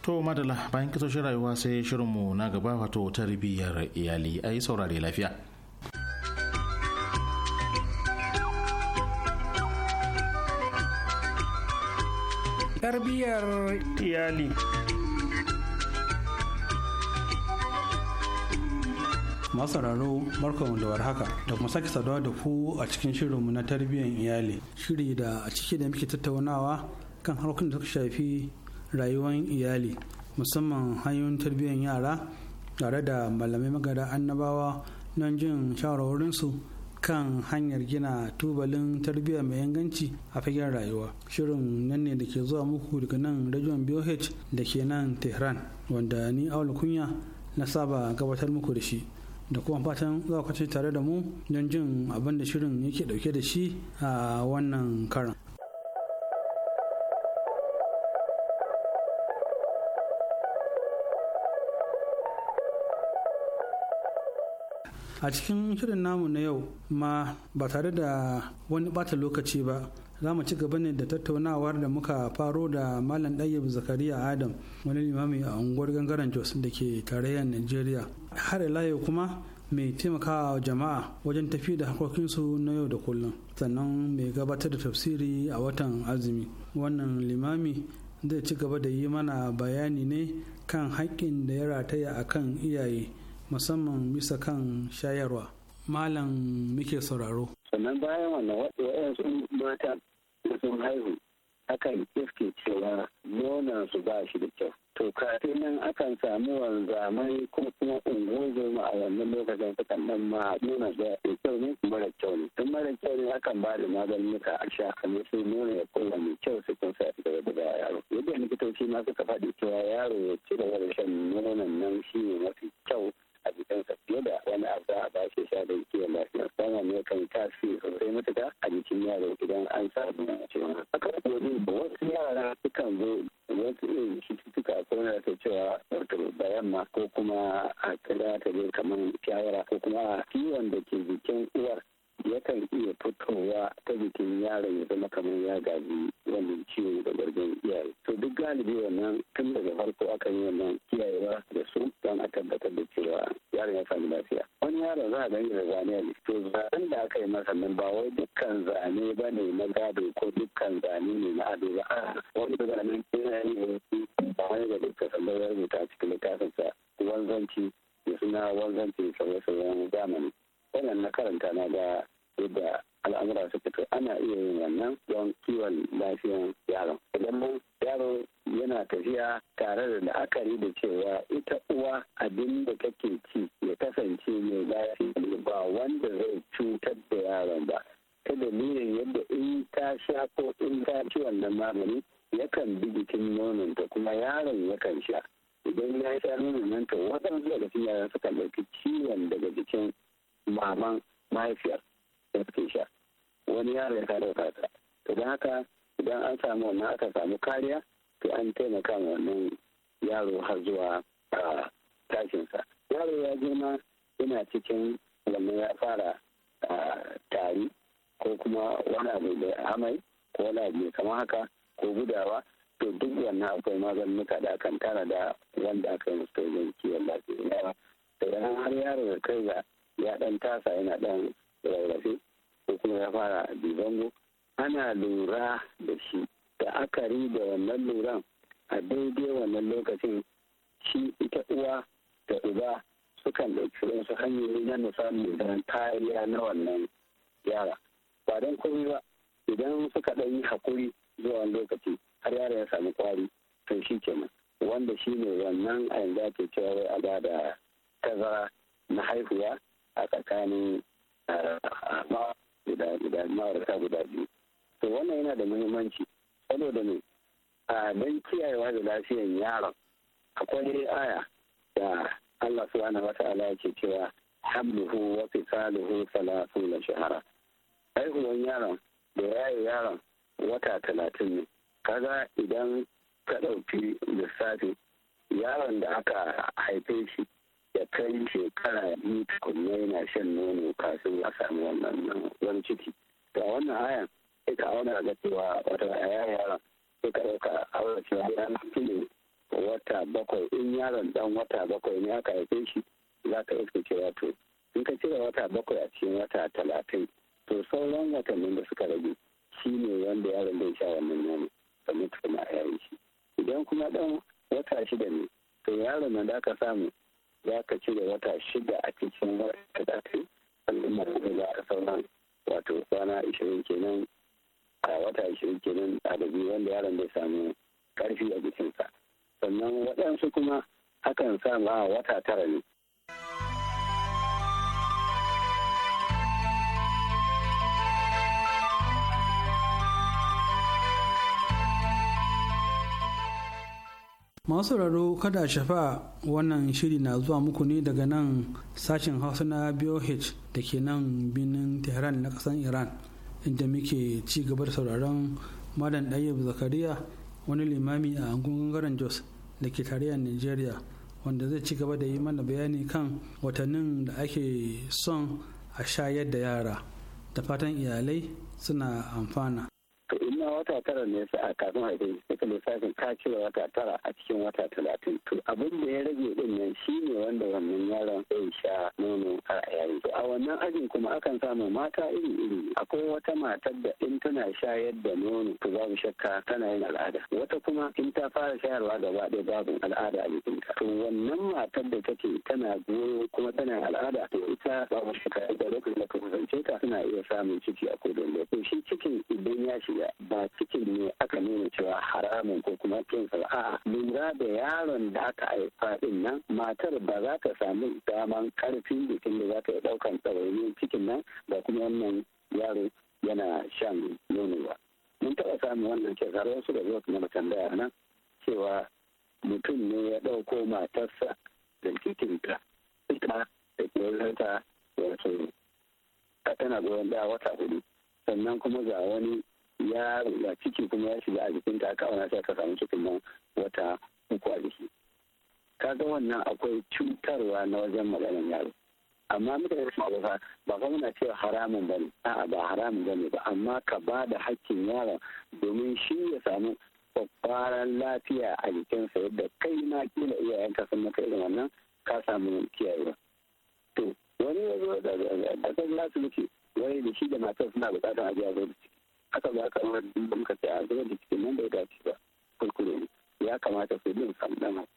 To madala bayan kitoshin rayuwa sai shirinmu na gaba wato tarbiyyar iyali a yi saurare lafiya. Tarbiyyar iyali. masararo barkanmu da warhaka da kuma sake saduwa da ku a cikin shirinmu na tarbiyyar iyali shiri da a ciki da muke tattaunawa kan harkokin da suka shafi rayuwar iyali musamman hanyoyin tarbiyyar yara tare da malamai magada annabawa don jin shawarwarinsu kan hanyar gina tubalin tarbiyya mai inganci a fagen rayuwa shirin nan ne da ke zuwa muku daga nan rajon boh da ke nan tehran wanda ni aula kunya na saba gabatar muku da shi da kuma fatan za ku tare da mu don jin abin da shirin yake dauke da shi a wannan karan a cikin shirin namu na yau ma ba tare da wani bata lokaci ba za mu ci gaba ne da tattaunawar da muka faro da malam ɗayyab zakariya adam wani limami a unguwar gangaren jos da ke tarayyar nigeria har layo kuma mai taimakawa jama'a wajen tafi da harkokinsu na yau da kullum sannan mai gabatar da tafsiri a watan azumi wannan limami zai ci gaba da yi mana bayani ne kan haƙƙin da ya rataya a kan iyaye musamman bisa kan shayarwa malam muke sauraro sannan bayan wannan waɗansu mata da sun haihu akan iske cewa nuna su ba shi da kyau to kafin nan akan samu wanzamai ko kuma ungozo a wannan lokacin ta nan ma nuna da kyau ne mara kyau ne tun mara kyau ne akan ba da maganuka a sha kamar sai nuna ya kowa mai kyau sai kun sa daga daga yaro yadda likitoci masu suka faɗi cewa yaro ya ci gaba da shan nonan nan shi ne mafi with the death muka da kan tana da wanda aka yi musu kiwon lafiya yara to da har yaro da kai ga ya dan tasa yana dan rarrafe ko kuma ya fara dibango ana lura da shi da akari da wannan luran a daidai wannan lokacin shi ita uwa da uba sukan ɗauki wasu hanyoyi na musamman don kariya na wannan yara ba don komai ba idan suka ɗan yi hakuri zuwa wani lokaci har yara ya sami kwari tun shi kenan wanda shi ne wannan a yanzu ake cewa wai a da tazara na haihuwa a tsakanin ah, ma'aurata guda biyu to wannan yana da muhimmanci saboda ne don kiyayewa da lafiyan yaron akwai aya da Allah subhanahu wa ta'ala yake cewa hamluhu wa fisaluhu salasuna shahara haihuwan yaron da yayi yaron wata talatin ne kaga idan ka ɗauki lissafi yaron da aka haife shi ya kai shekara biyu tukunna yana shan nono kafin ya sami wannan wani ciki ga wannan aya, sai ka auna ga cewa wata yayan yaron sai ka ɗauka aure cewa yana fiye wata bakwai in yaron dan wata bakwai ne aka haife shi za ka iska cewa to in ka cire wata bakwai a cikin wata talatin to sauran watannin da suka rage shi ne wanda yaron zai sha wannan nono da mutu a yayin shi idan kuma dan wata shida ne to yaron nan da aka samu za ka da wata shida a cikin wata da ta yi al'umma da za a sauran wato kwana ashirin kenan a wata ashirin kenan a dabi wanda yaron bai samu karfi a jikinsa sannan waɗansu kuma hakan samu a wata tara ne masu sauraro kada shafa wannan shiri na zuwa muku ne daga nan sashen hausa na boh da ke nan binin tehran na kasan iran inda muke ci gaba da sauraron madan ɗayyab zakariya wani limami a gungun garan jos da ke tarayyar nigeria wanda zai ci gaba da yi mana bayani kan watannin da ake son a shayar da yara da fatan iyalai suna amfana na wata tara ne a kafin haifin suka lissafin kacewa wata tara a cikin wata talatin to abin da ya rage din nan ne wanda wannan yaron zai sha nono a yayin a wannan ajin kuma akan samu mata iri iri akwai wata matar da in tana shayar da nono to babu shakka tana yin al'ada wata kuma in ta fara shayarwa gaba ɗaya babu al'ada a jikinta to wannan matar da take tana goyo kuma tana al'ada to ita babu shakka da lokacin da ka kusance ta tana iya samun ciki a kodin da to shi cikin idan ya shiga ba cikin ne aka nuna cewa haramun ko kuma kinsa a'a lura da yaron da aka haifa din nan matar ba za ta samu daman karfin jikin da za ta yi daukan tsaroni cikin nan ba kuma wannan yaro yana shan nono ba mun taɓa samun wannan shekaru wasu da zuwa kuma da nan cewa mutum ne ya ɗauko matarsa da ta ita da ta wato tana goyon da wata hudu sannan kuma ga wani ya a ciki kuma ya shiga a jikinta aka sai ka samu cikin nan wata uku a jiki Ka ga wannan akwai cutarwa na wajen maganin yaro amma muka yi abu fa ba fa muna cewa haramun ba ne a'a ba haramun ba ne ba amma ka ba da haƙƙin yaro domin shi ya samu kwakwaran lafiya a jikinsa yadda kai na kila iyayenka sun maka irin wannan ka samu kiyayewa to wani ya zo da kasar asibiti wani da shi da matar suna bukatar ajiya zo da ciki haka za ka rubuta da muka ce a zama da cikin nan bai dace ba kurkure ne ya kamata su bin samu dan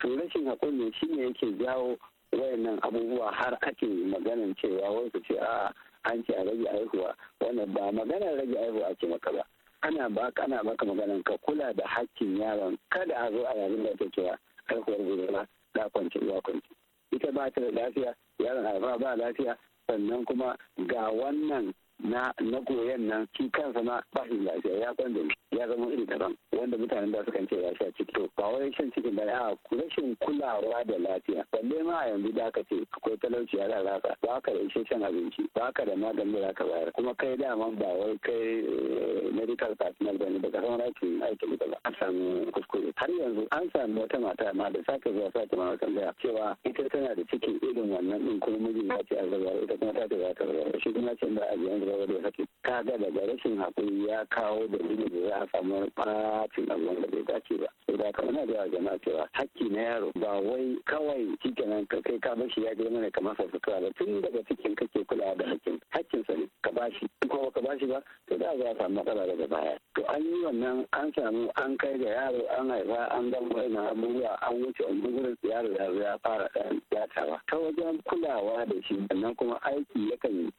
to rashin hakuri ne shine yake jawo wayannan abubuwa har ake maganan cewa wai su ce a an ce a rage aihuwa wannan ba maganar rage aihuwa ake maka ba ana ba ana baka maganan ka kula da hakkin yaron kada a zo a yayin da ake cewa aihuwar gudana da kwance ya kwance ita ba ta da lafiya yaron alfa ba lafiya sannan kuma ga wannan na na koyan nan shi kansa ma ba shi lafiya ya san ya zama iri daban wanda mutanen da suka ce ya sha ciki to ba wai shan cikin ba a rashin kulawa da lafiya balle ma a yanzu da aka ce akwai talauci ya raraka ba ka da isasshen abinci ba ka da maganin da ka bayar kuma kai dama ba wai kai eh, medical personnel ba ne daga sauran aikin aiki da ba an samu kuskure har yanzu an samu wata mata ma da sake zuwa sake ma tambaya cewa ita tana da ciki irin wannan din kuma mijin ya ce a zaba ita kuma ta ce za ta zaba shi kuma ce ba a biyan gaba da haƙi kaga daga rashin haƙuri ya kawo dalilin da za a samu ɓacin abin da bai dace ba sai da haka muna da jama'a cewa haƙƙi na yaro ba wai kawai shi ka kai ka bashi ya girma ne kamar fafutuwa ba tun daga cikin kake kulawa da haƙƙin haƙƙinsa ne ka bashi kuma ba ka bashi ba to da za a samu matsala daga baya to an yi wannan an samu an kai da yaro an haifa an ga wannan abubuwa an wuce wannan gurin yaro ya ya fara ɗan tawa ta wajen kulawa da shi sannan kuma aiki yakan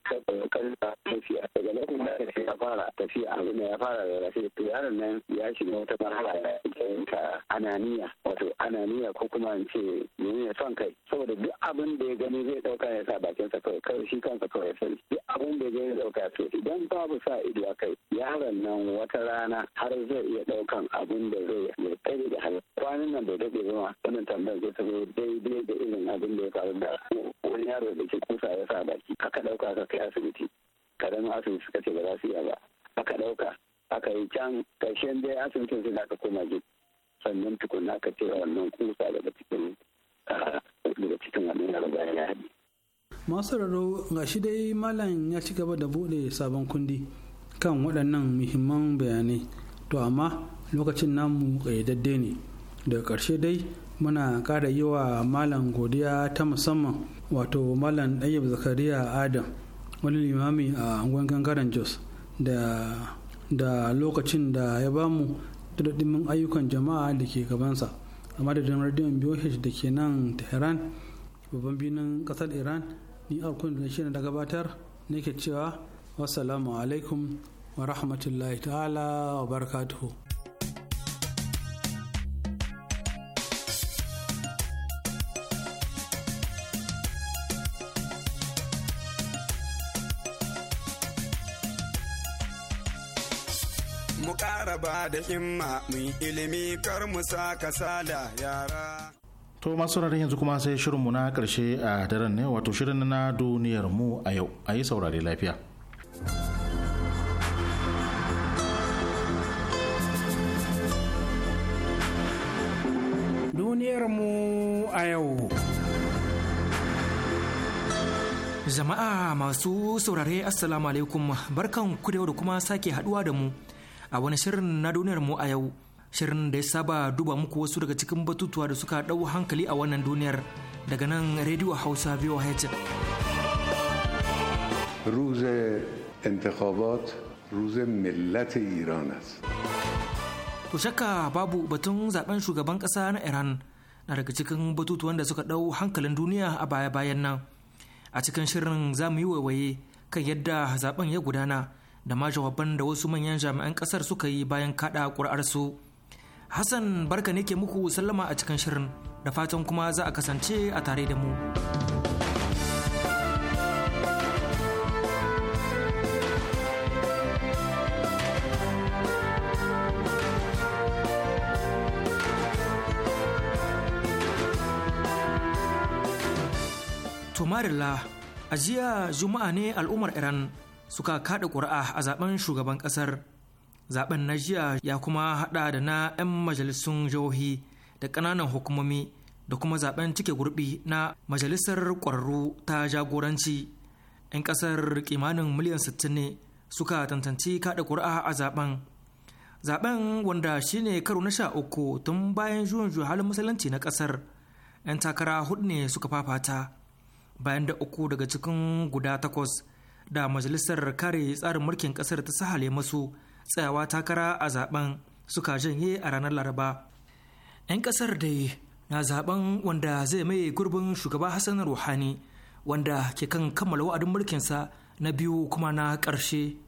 karfa tafiya daga lokacin da aka ya fara tafiya abin da ya fara da rashin to yaron nan ya shiga wata marhala da ake ta ananiya wato ananiya ko kuma in ce ne son kai saboda duk abin da ya gani zai dauka ya sa bakinsa kawai kawai shi kansa kawai ya sani duk abin da ya gani zai dauka to idan babu sa ido a kai yaron nan wata rana har zai iya daukan abin da zai ya kai da hali kwanan nan bai dade zama wannan tambayar zai ta daidai da irin abin da ya faru da wani yaro da ke kusa ya sa baki ka ɗauka ka kai asibiti karamin asibiti suka ce ba za su iya ba aka ɗauka aka yi can karshen dai asibitin sai aka koma gid sannan tukuna aka cire wannan kusa daga cikin daga cikin wannan yaro ya haɗi. masu raro ga shi dai malam ya ci gaba da buɗe sabon kundi kan waɗannan muhimman bayanai to amma lokacin namu ƙayyadadde ne daga ƙarshe dai muna ƙara yi wa malam godiya ta musamman wato malam ɗayyab zakariya adam wani limami a angon gangaren jos da lokacin da ya bamu da ayyukan jama'a da ke gabansa a madadin radiyon BOH da ke nan Tehran babban binin kasar Iran ni alkun da shi da gabatar ne ke cewa wasu alaikum wa rahmatullahi ta'ala wa barakatuhu ba da himma mun ilimi kar mu sa kasala yara To masu yanzu kuma sai shirinmu na karshe a daren ne wato shirin na duniyar mu a yau a yi saurare lafiya. Duniyar mu a yau. Jama'a masu saurare Assalamu alaikum barkan ku da kuma sake haduwa da mu. a wani shirin na duniyar mu a yau shirin da ya saba duba muku wasu daga cikin batutuwa da suka ɗau hankali a wannan duniyar daga nan rediyo hausa voh روز انتخابات روز ملت ایران است To shakka babu batun zaben shugaban kasa na Iran na daga cikin batutuwan da suka ɗau hankalin duniya a baya-bayan nan. A cikin shirin za mu yi waiwaye kan yadda zaben ya gudana da ma jawaban da wasu manyan jami'an kasar suka yi bayan kada ƙuri'arsu hassan barka ne ke muku sallama a cikin shirin da fatan kuma za a kasance a tare da mu Tomarilla, a jiya Juma'a ne al'ummar Iran suka kada ƙuri'a a zaben shugaban ƙasar zaben na jiya ya kuma hada da na 'yan majalisun jihohi da ƙananan hukumomi da kuma zaben cike gurbi na majalisar ƙwararru ta jagoranci 'yan ƙasar kimanin miliyan 60 ne suka tantanci kada ƙuri'a a zaben zaben wanda shine karo na sha uku tun bayan juyin halin musulunci na ƙasar 'yan takara hudu ne suka fafata bayan da uku daga cikin guda takwas da majalisar kare tsarin mulkin kasar ta sahale masu tsayawa takara a zaben suka janye a ranar laraba 'yan kasar dai na zaben wanda zai mai gurbin shugaba hassan ruhani wanda ke kan kammala wa'adin mulkinsa na biyu kuma na ƙarshe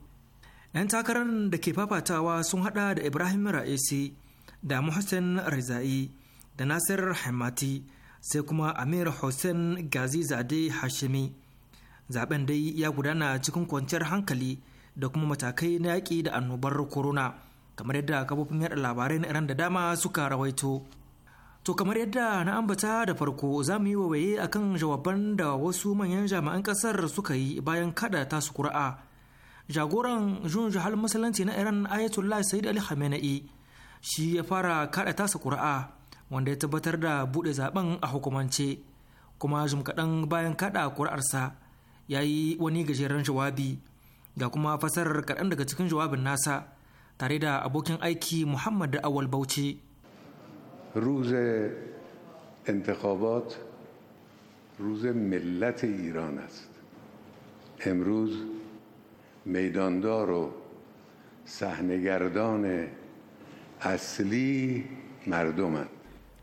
'yan takarar da ke fafatawa sun hada da ibrahim ra'isi da muhassan rizai da nasir hamati sai kuma amir hussein gazi zade hashimi zaben dai ya gudana cikin kwanciyar hankali da kuma matakai na yaƙi da annobar corona kamar yadda kafofin yaɗa labarai na iran da dama suka rawaito to kamar yadda na ambata da farko za mu yi wawaye akan jawaban da wasu manyan jami'an ƙasar suka yi bayan kada tasu kura'a jagoran jun jihar musulunci na iran ayatollah sayyid ali khamenei shi ya fara kada tasa kura'a wanda ya tabbatar da buɗe zaben a hukumance kuma jim kaɗan bayan kada kura'arsa ya yi wani gajeren jawabi ga kuma fasarar kaɗan daga cikin jawabin nasa tare da abokin aiki muhammad awal bauchi روز انتخابات روز ملت ایران است امروز میداندار و صحنهگردان اصلی مردمند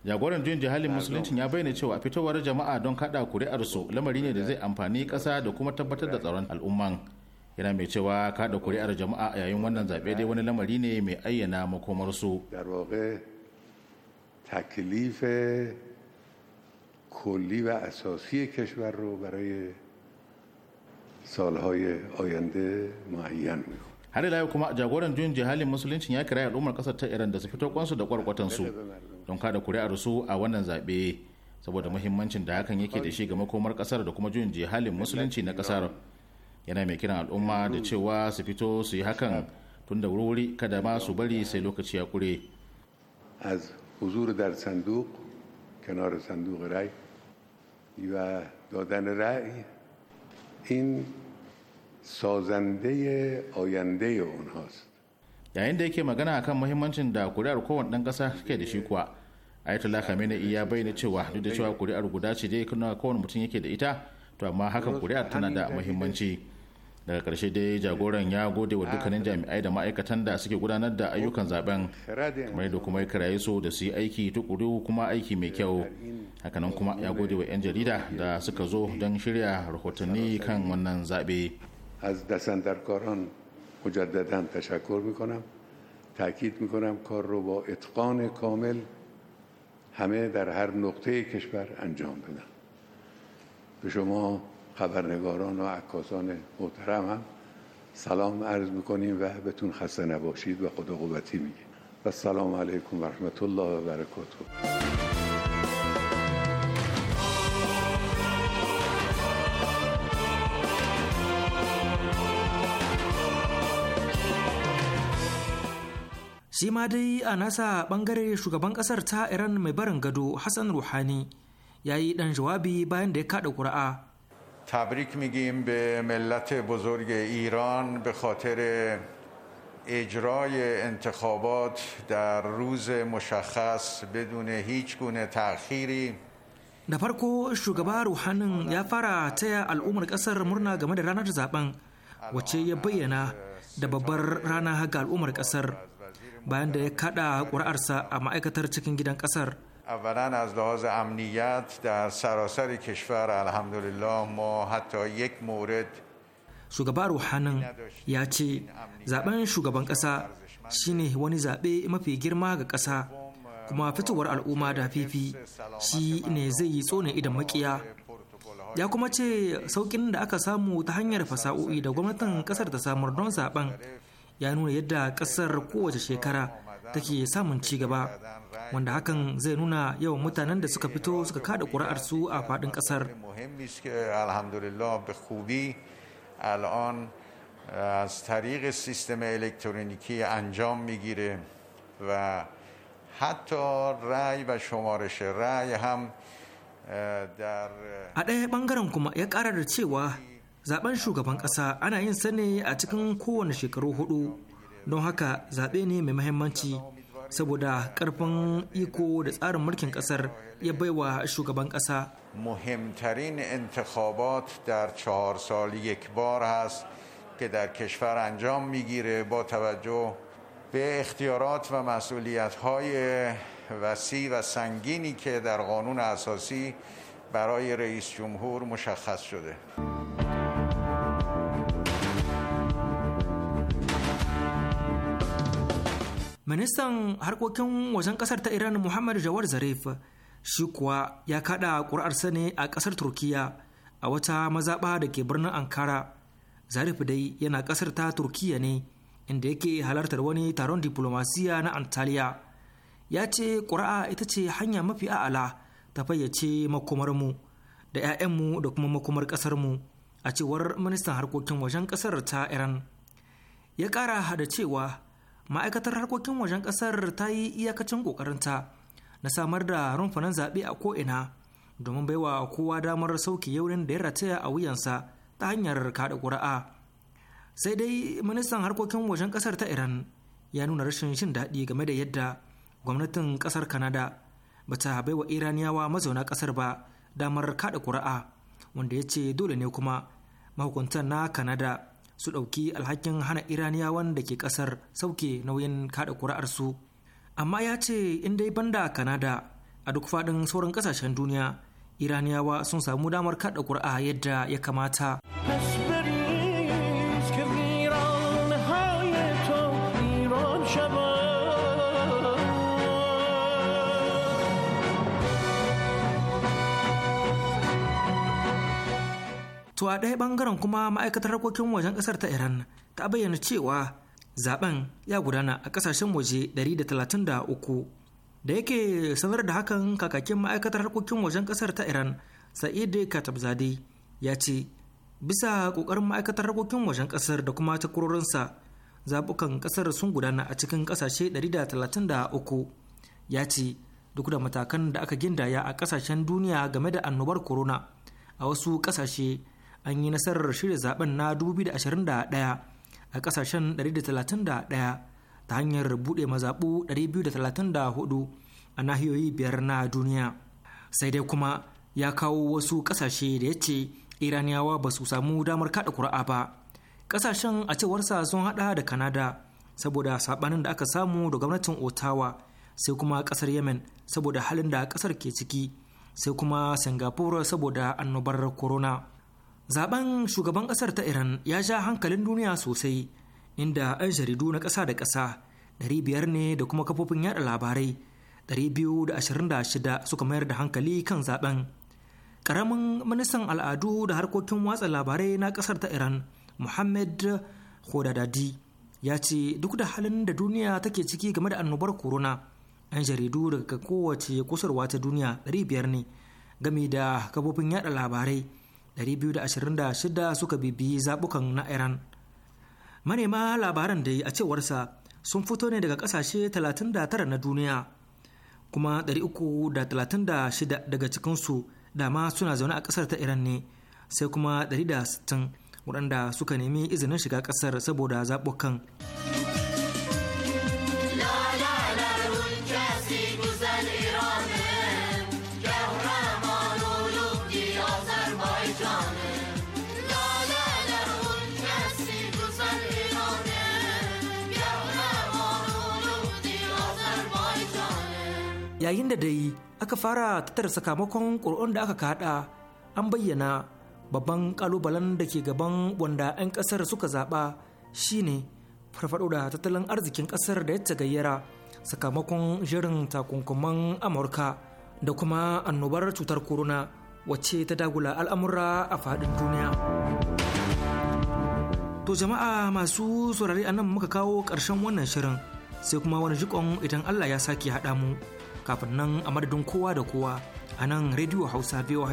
jagoran juyin jihalin musuluncin ya bayyana cewa fitowar jama'a don kada kuri'arsu lamari ne da zai amfani kasa da kuma tabbatar da tsaron al'umman yana mai cewa kada kuri'ar jama'a yayin wannan zaɓe dai wani lamari ne mai ayyana makomarsu تکلیف کلی و اساسی کشور رو برای سالهای آینده معین har ila kuma jagoran juyin jihalin musuluncin ya kira al'ummar kasar ta iran da su fito kwansu da kwarkwatansu don kada kuri'ar su a wannan zaɓe saboda muhimmancin da hakan yake da shi ga makomar kasar da kuma juyin halin musulunci na kasar yana mai kiran al'umma da cewa su fito su yi hakan tun da wuri kada ma su bari sai lokaci ya kure yayin da yake magana akan muhimmancin da kuri'ar kowane ɗan ƙasa ke da shi kuwa ayatollah khamenei ya bayyana cewa duk da cewa kuri'ar guda ce dai kuna kowane mutum yake da ita to amma hakan kuri'ar tana da muhimmanci daga karshe dai jagoran ya gode wa dukkanin jami'ai da ma'aikatan da suke gudanar da ayyukan zaben kamar da kuma kiraye su da su yi aiki tukuru kuma aiki mai kyau hakanan kuma ya gode wa 'yan jarida da suka zo don shirya rahotanni kan wannan zaɓe. همه در هر نقطه کشور انجام بدن به شما خبرنگاران و عکاسان محترم هم سلام عرض میکنیم و بهتون خسته نباشید و خدا قوتی میگید و سلام علیکم و رحمت الله و برکاته shi ma dai a nasa bangare shugaban kasar ta iran mai barin gado hassan ruhani ya yi dan jawabi bayan da ya kada kura'a تبریک میگیم به ملت بزرگ ایران به خاطر اجرای انتخابات در روز مشخص بدون هیچ گونه تأخیری da farko shugaba ruhanin ya fara taya al'ummar kasar murna game da ranar zaben wacce ya bayyana da babbar rana ga al'ummar kasar bayan da ya kada ƙuri'arsa a ma'aikatar cikin gidan ƙasar. اولا از لحاظ امنیت در سراسر کشور الحمدلله ما حتی یک مورد shugaba ruhanin ya ce zaben shugaban ƙasa shine wani zaɓe mafi girma ga ƙasa kuma fitowar al'umma da fifi shi ne zai yi tsone idan makiya ya kuma ce saukin da aka samu ta hanyar fasa'o'i da gwamnatin ƙasar ta samar don zaben ya nuna yadda ƙasar kowace shekara take samun ci gaba wanda hakan zai nuna yawan mutanen da suka fito suka kada ƙuri'arsu a faɗin ƙasar از طریق سیستم الکترونیکی انجام میگیره و حتی رأی و شمارش رأی هم در a ɗaya ɓangaren kuma ya ƙara da cewa zaben shugaban ƙasa ana yin sa ne a cikin kowane shekaru hudu don haka zaɓe ne mai mahimmanci saboda karfin iko da tsarin mulkin kasar ya baiwa shugaban ƙasa muhimtarin انتخابات در چهار سال یک بار هست که در کشور انجام migire ba توجه به اختیارات و مسئولیت های وسیع و سنگینی که در قانون اساسی برای رئیس جمهور مشخص شده ministan harkokin wajen kasar ta iran muhammad jawar zarif shi kuwa ya kaɗa ƙuri'arsa ne a ƙasar Turkiyya a wata mazaɓa da ke birnin ankara zarif dai yana ƙasar ta Turkiyya ne inda yake halartar wani taron diplomasiya na Antalya ya ce ƙuri'a ita ce hanya mafi a'ala ta fayyace makomarmu da 'ya'yanmu da kuma makomar ƙasarmu a cewar ministan harkokin wajen ƙasar ta iran ya ƙara da cewa ma'aikatar harkokin wajen kasar ta yi iyakacin ƙoƙarinta na samar da rumfunan zaɓe a ko'ina domin baiwa kowa damar sauki yaurin da ya rataya a wuyansa ta hanyar kaɗa ƙuri'a sai dai ministan harkokin wajen ƙasar ta iran ya nuna rashin jin daɗi game da yadda gwamnatin ƙasar kanada ba ta baiwa iraniyawa mazauna ƙasar ba damar kaɗa ƙuri'a wanda ya ce dole ne kuma mahukuntan na kanada su ɗauki alhakin hana iraniyawan da ke ƙasar sauke nauyin kada kuri'arsu amma ya ce in dai banda kanada a duk faɗin sauran ƙasashen duniya iraniyawa sun samu damar kada kuri'a yadda ya kamata. to a ɗaya ɓangaren kuma ma'aikatar harkokin wajen ƙasar ta iran ta bayyana cewa zaben ya gudana a ƙasashen waje 133 da yake sanar da hakan kakakin ma'aikatar harkokin wajen ƙasar ta iran sa'id katabzade ya ce bisa ƙoƙarin ma'aikatar harkokin wajen ƙasar da kuma takwarorinsa zaɓukan ƙasar sun gudana a cikin ƙasashe 133 ya ce duk da matakan da aka gindaya a ƙasashen duniya game da annobar corona a wasu ƙasashe an yi nasarar shirya zaben na 2021 a kasashen 131 ta hanyar buɗe mazaɓu 234 a nahiyoyi biyar na duniya sai dai kuma ya kawo wasu ƙasashe da ya ce iraniyawa ba su samu damar kada ƙuri'a ba ƙasashen a cewarsa sun haɗa da kanada saboda saɓanin da aka samu da gwamnatin otawa sai kuma ƙasar yemen saboda halin da ƙasar ke ciki sai kuma singapore saboda annobar corona zaben shugaban kasar ta iran ya ja hankalin duniya sosai inda 'yan jaridu na ƙasa da ƙasa 500 ne da kuma kafofin yada labarai 226 suka mayar da hankali kan zaben ƙaramin ministan al'adu da harkokin watsa labarai na ƙasar ta iran muhammad khodadadi ya ce duk da halin da duniya take ciki game da annobar corona 'yan jaridu daga kowace kusurwa ta duniya 500 ne game da kafofin yada labarai 226 suka bibiyi zabukan na iran manema labaran da a cewarsa sun fito ne daga kasashe 39 na duniya kuma 336 daga cikinsu dama suna zaune a kasar ta iran ne sai kuma 160 waɗanda suka nemi izinin shiga ƙasar saboda zaɓukan. yayin da dai aka fara tattara sakamakon ƙuri'un da aka kada an bayyana babban ƙalubalen da ke gaban wanda 'yan ƙasar suka zaɓa shine farfaɗo da tattalin arzikin ƙasar da ya tagayyara sakamakon shirin takunkuman amurka da kuma annobar cutar corona wacce ta dagula al'amura a faɗin duniya to jama'a masu saurari a nan muka kawo ƙarshen wannan shirin sai kuma wani jikon idan allah ya sake haɗa mu kafin nan a madadin kowa da kowa a nan rediyo hausa voh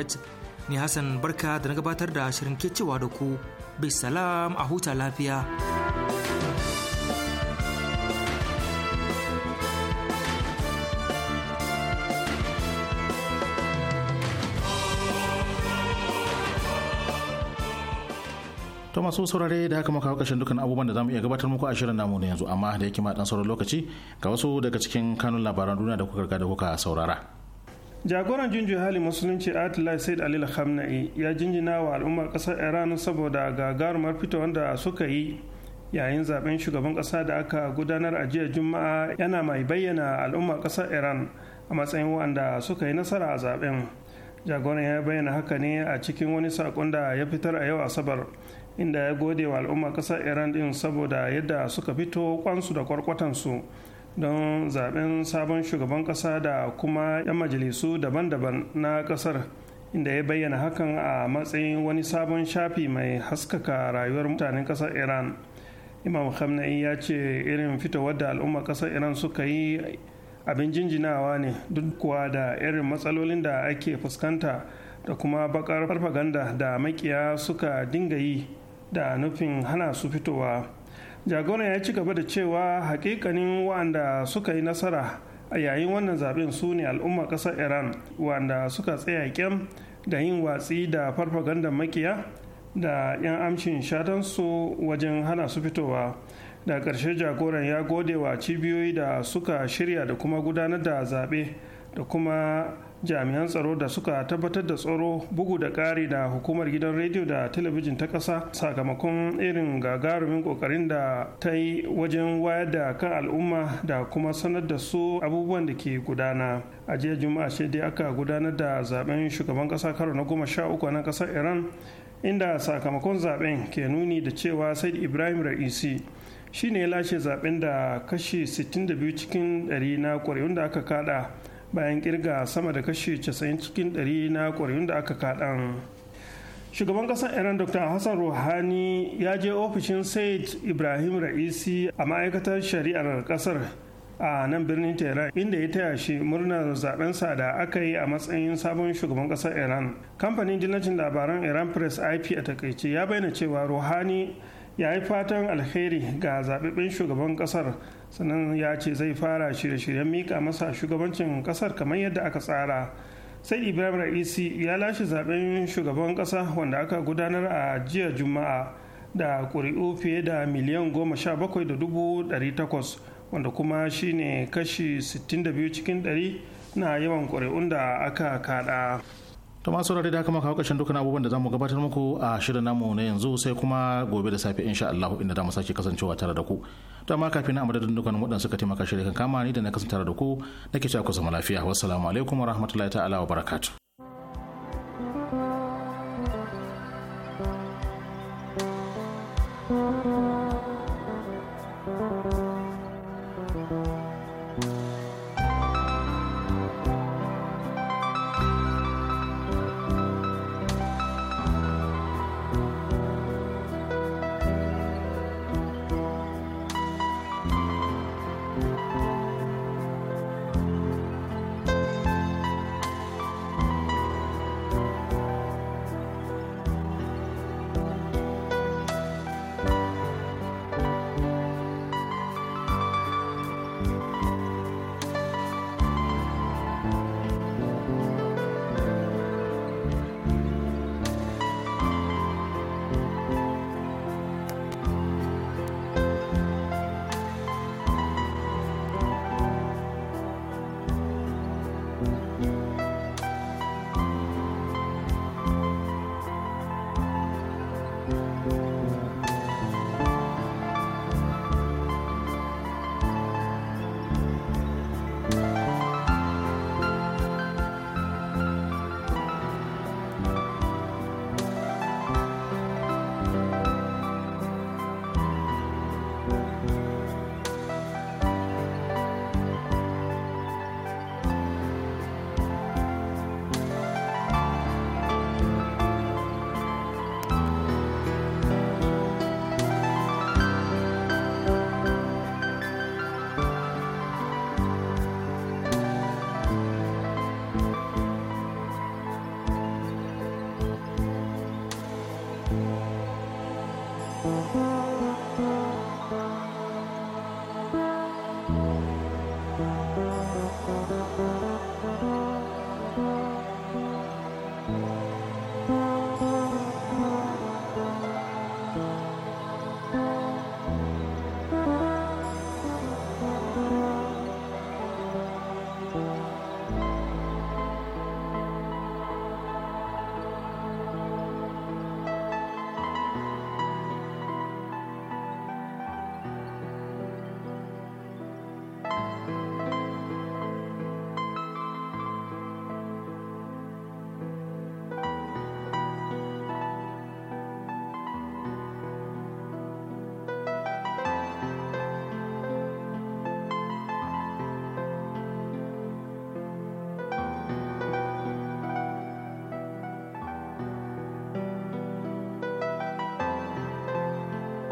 ni hassan barka da na gabatar da shirin ke cewa da ku bisalam a huta lafiya. to masu saurare da haka muka kashin dukkan abubuwan da zamu iya gabatar muku a shirin namu na yanzu amma da yake ma dan sauran lokaci ga wasu daga cikin kanun labaran duniya da kuka riga da kuka saurara jagoran jinjin hali musulunci atlas said alil khamnai ya jinjina wa al'ummar kasar iran saboda gagarumar fito wanda suka yi yayin zaben shugaban kasa da aka gudanar a jiya juma'a yana mai bayyana al'ummar kasar iran a matsayin wanda suka yi nasara a zaben jagoran ya bayyana haka ne a cikin wani sakon da ya fitar a yau asabar inda ya gode wa al'umma kasar iran din saboda yadda suka fito kwansu da kwarkwatansu don zaben sabon shugaban ƙasa da kuma 'yan majalisu daban-daban na ƙasar inda ya bayyana hakan a matsayin wani sabon shafi mai haskaka rayuwar mutanen kasar iran imam khamenei ya ce irin fitowar da al'umma ƙasar iran suka yi abin jinjinawa ne duk kuwa da irin matsalolin da ake fuskanta da kuma bakar farfaganda da makiya suka dinga yi da nufin hana su fitowa jagoran ya ci gaba da cewa hakikanin wa'anda suka yi nasara a yayin wannan zaben su ne al'umma ƙasar iran wanda suka tsaya kyam da yin watsi da farfaganda makiya da 'yan amshin shatansu wajen hana su fitowa da ƙarshe jagoran ya gode wa cibiyoyi da suka shirya da kuma gudanar da zaɓe da kuma jami'an tsaro da suka tabbatar da tsaro bugu da ƙari da hukumar gidan rediyo da talabijin ta ƙasa sakamakon irin gagarumin ƙoƙarin da ta yi wajen wayar da kan al'umma da kuma sanar da su abubuwan da ke gudana a jiya juma'a ce dai aka gudanar da zaben shugaban ƙasa karo na goma sha uku na ƙasar iran inda sakamakon zaben ke nuni da cewa said ibrahim ra'isi shine ya lashe zaben da kashi biyu cikin 100 na ƙwarewun da aka kaɗa. bayan kirga sama da kashi 90 cikin 100 na ƙwararrun da aka kaɗan. shugaban ƙasar iran dr hassan ruhani ya je ofishin said ibrahim ra'isi a ma'aikatar shari'ar ƙasar a nan birnin tehran inda ya taya shi murnar sa da aka yi a matsayin sabon shugaban ƙasar iran kamfanin dinacin labaran iran press ip a takaice ya bayyana cewa ruhani ya yi fatan alheri ga zaɓaɓɓen shugaban ƙasar sannan ya ce zai fara shirye-shiryen mika masa shugabancin ƙasar kamar yadda aka tsara sai ibrahim ra'isi ya lashe zaɓen shugaban ƙasa wanda aka gudanar a jiya juma'a da ƙuri'u fiye da miliyan goma sha bakwai da dubu ɗari takwas wanda kuma shine kashi 62 cikin ɗari na yawan ƙuri'un da aka kaɗa To masu rari da haka kawo dukkan abubuwan da zamu gabatar muku a shirin namu na yanzu sai kuma gobe da safe insha Allah inda zamu sake kasancewa tare da ku. To amma kafin na amadadin dukkan waɗanda suka taimaka shirin kan kama ni da na kasance tare da ku nake cewa ku zama lafiya. Wassalamu alaikum wa rahmatullahi ta'ala wa barakatuh.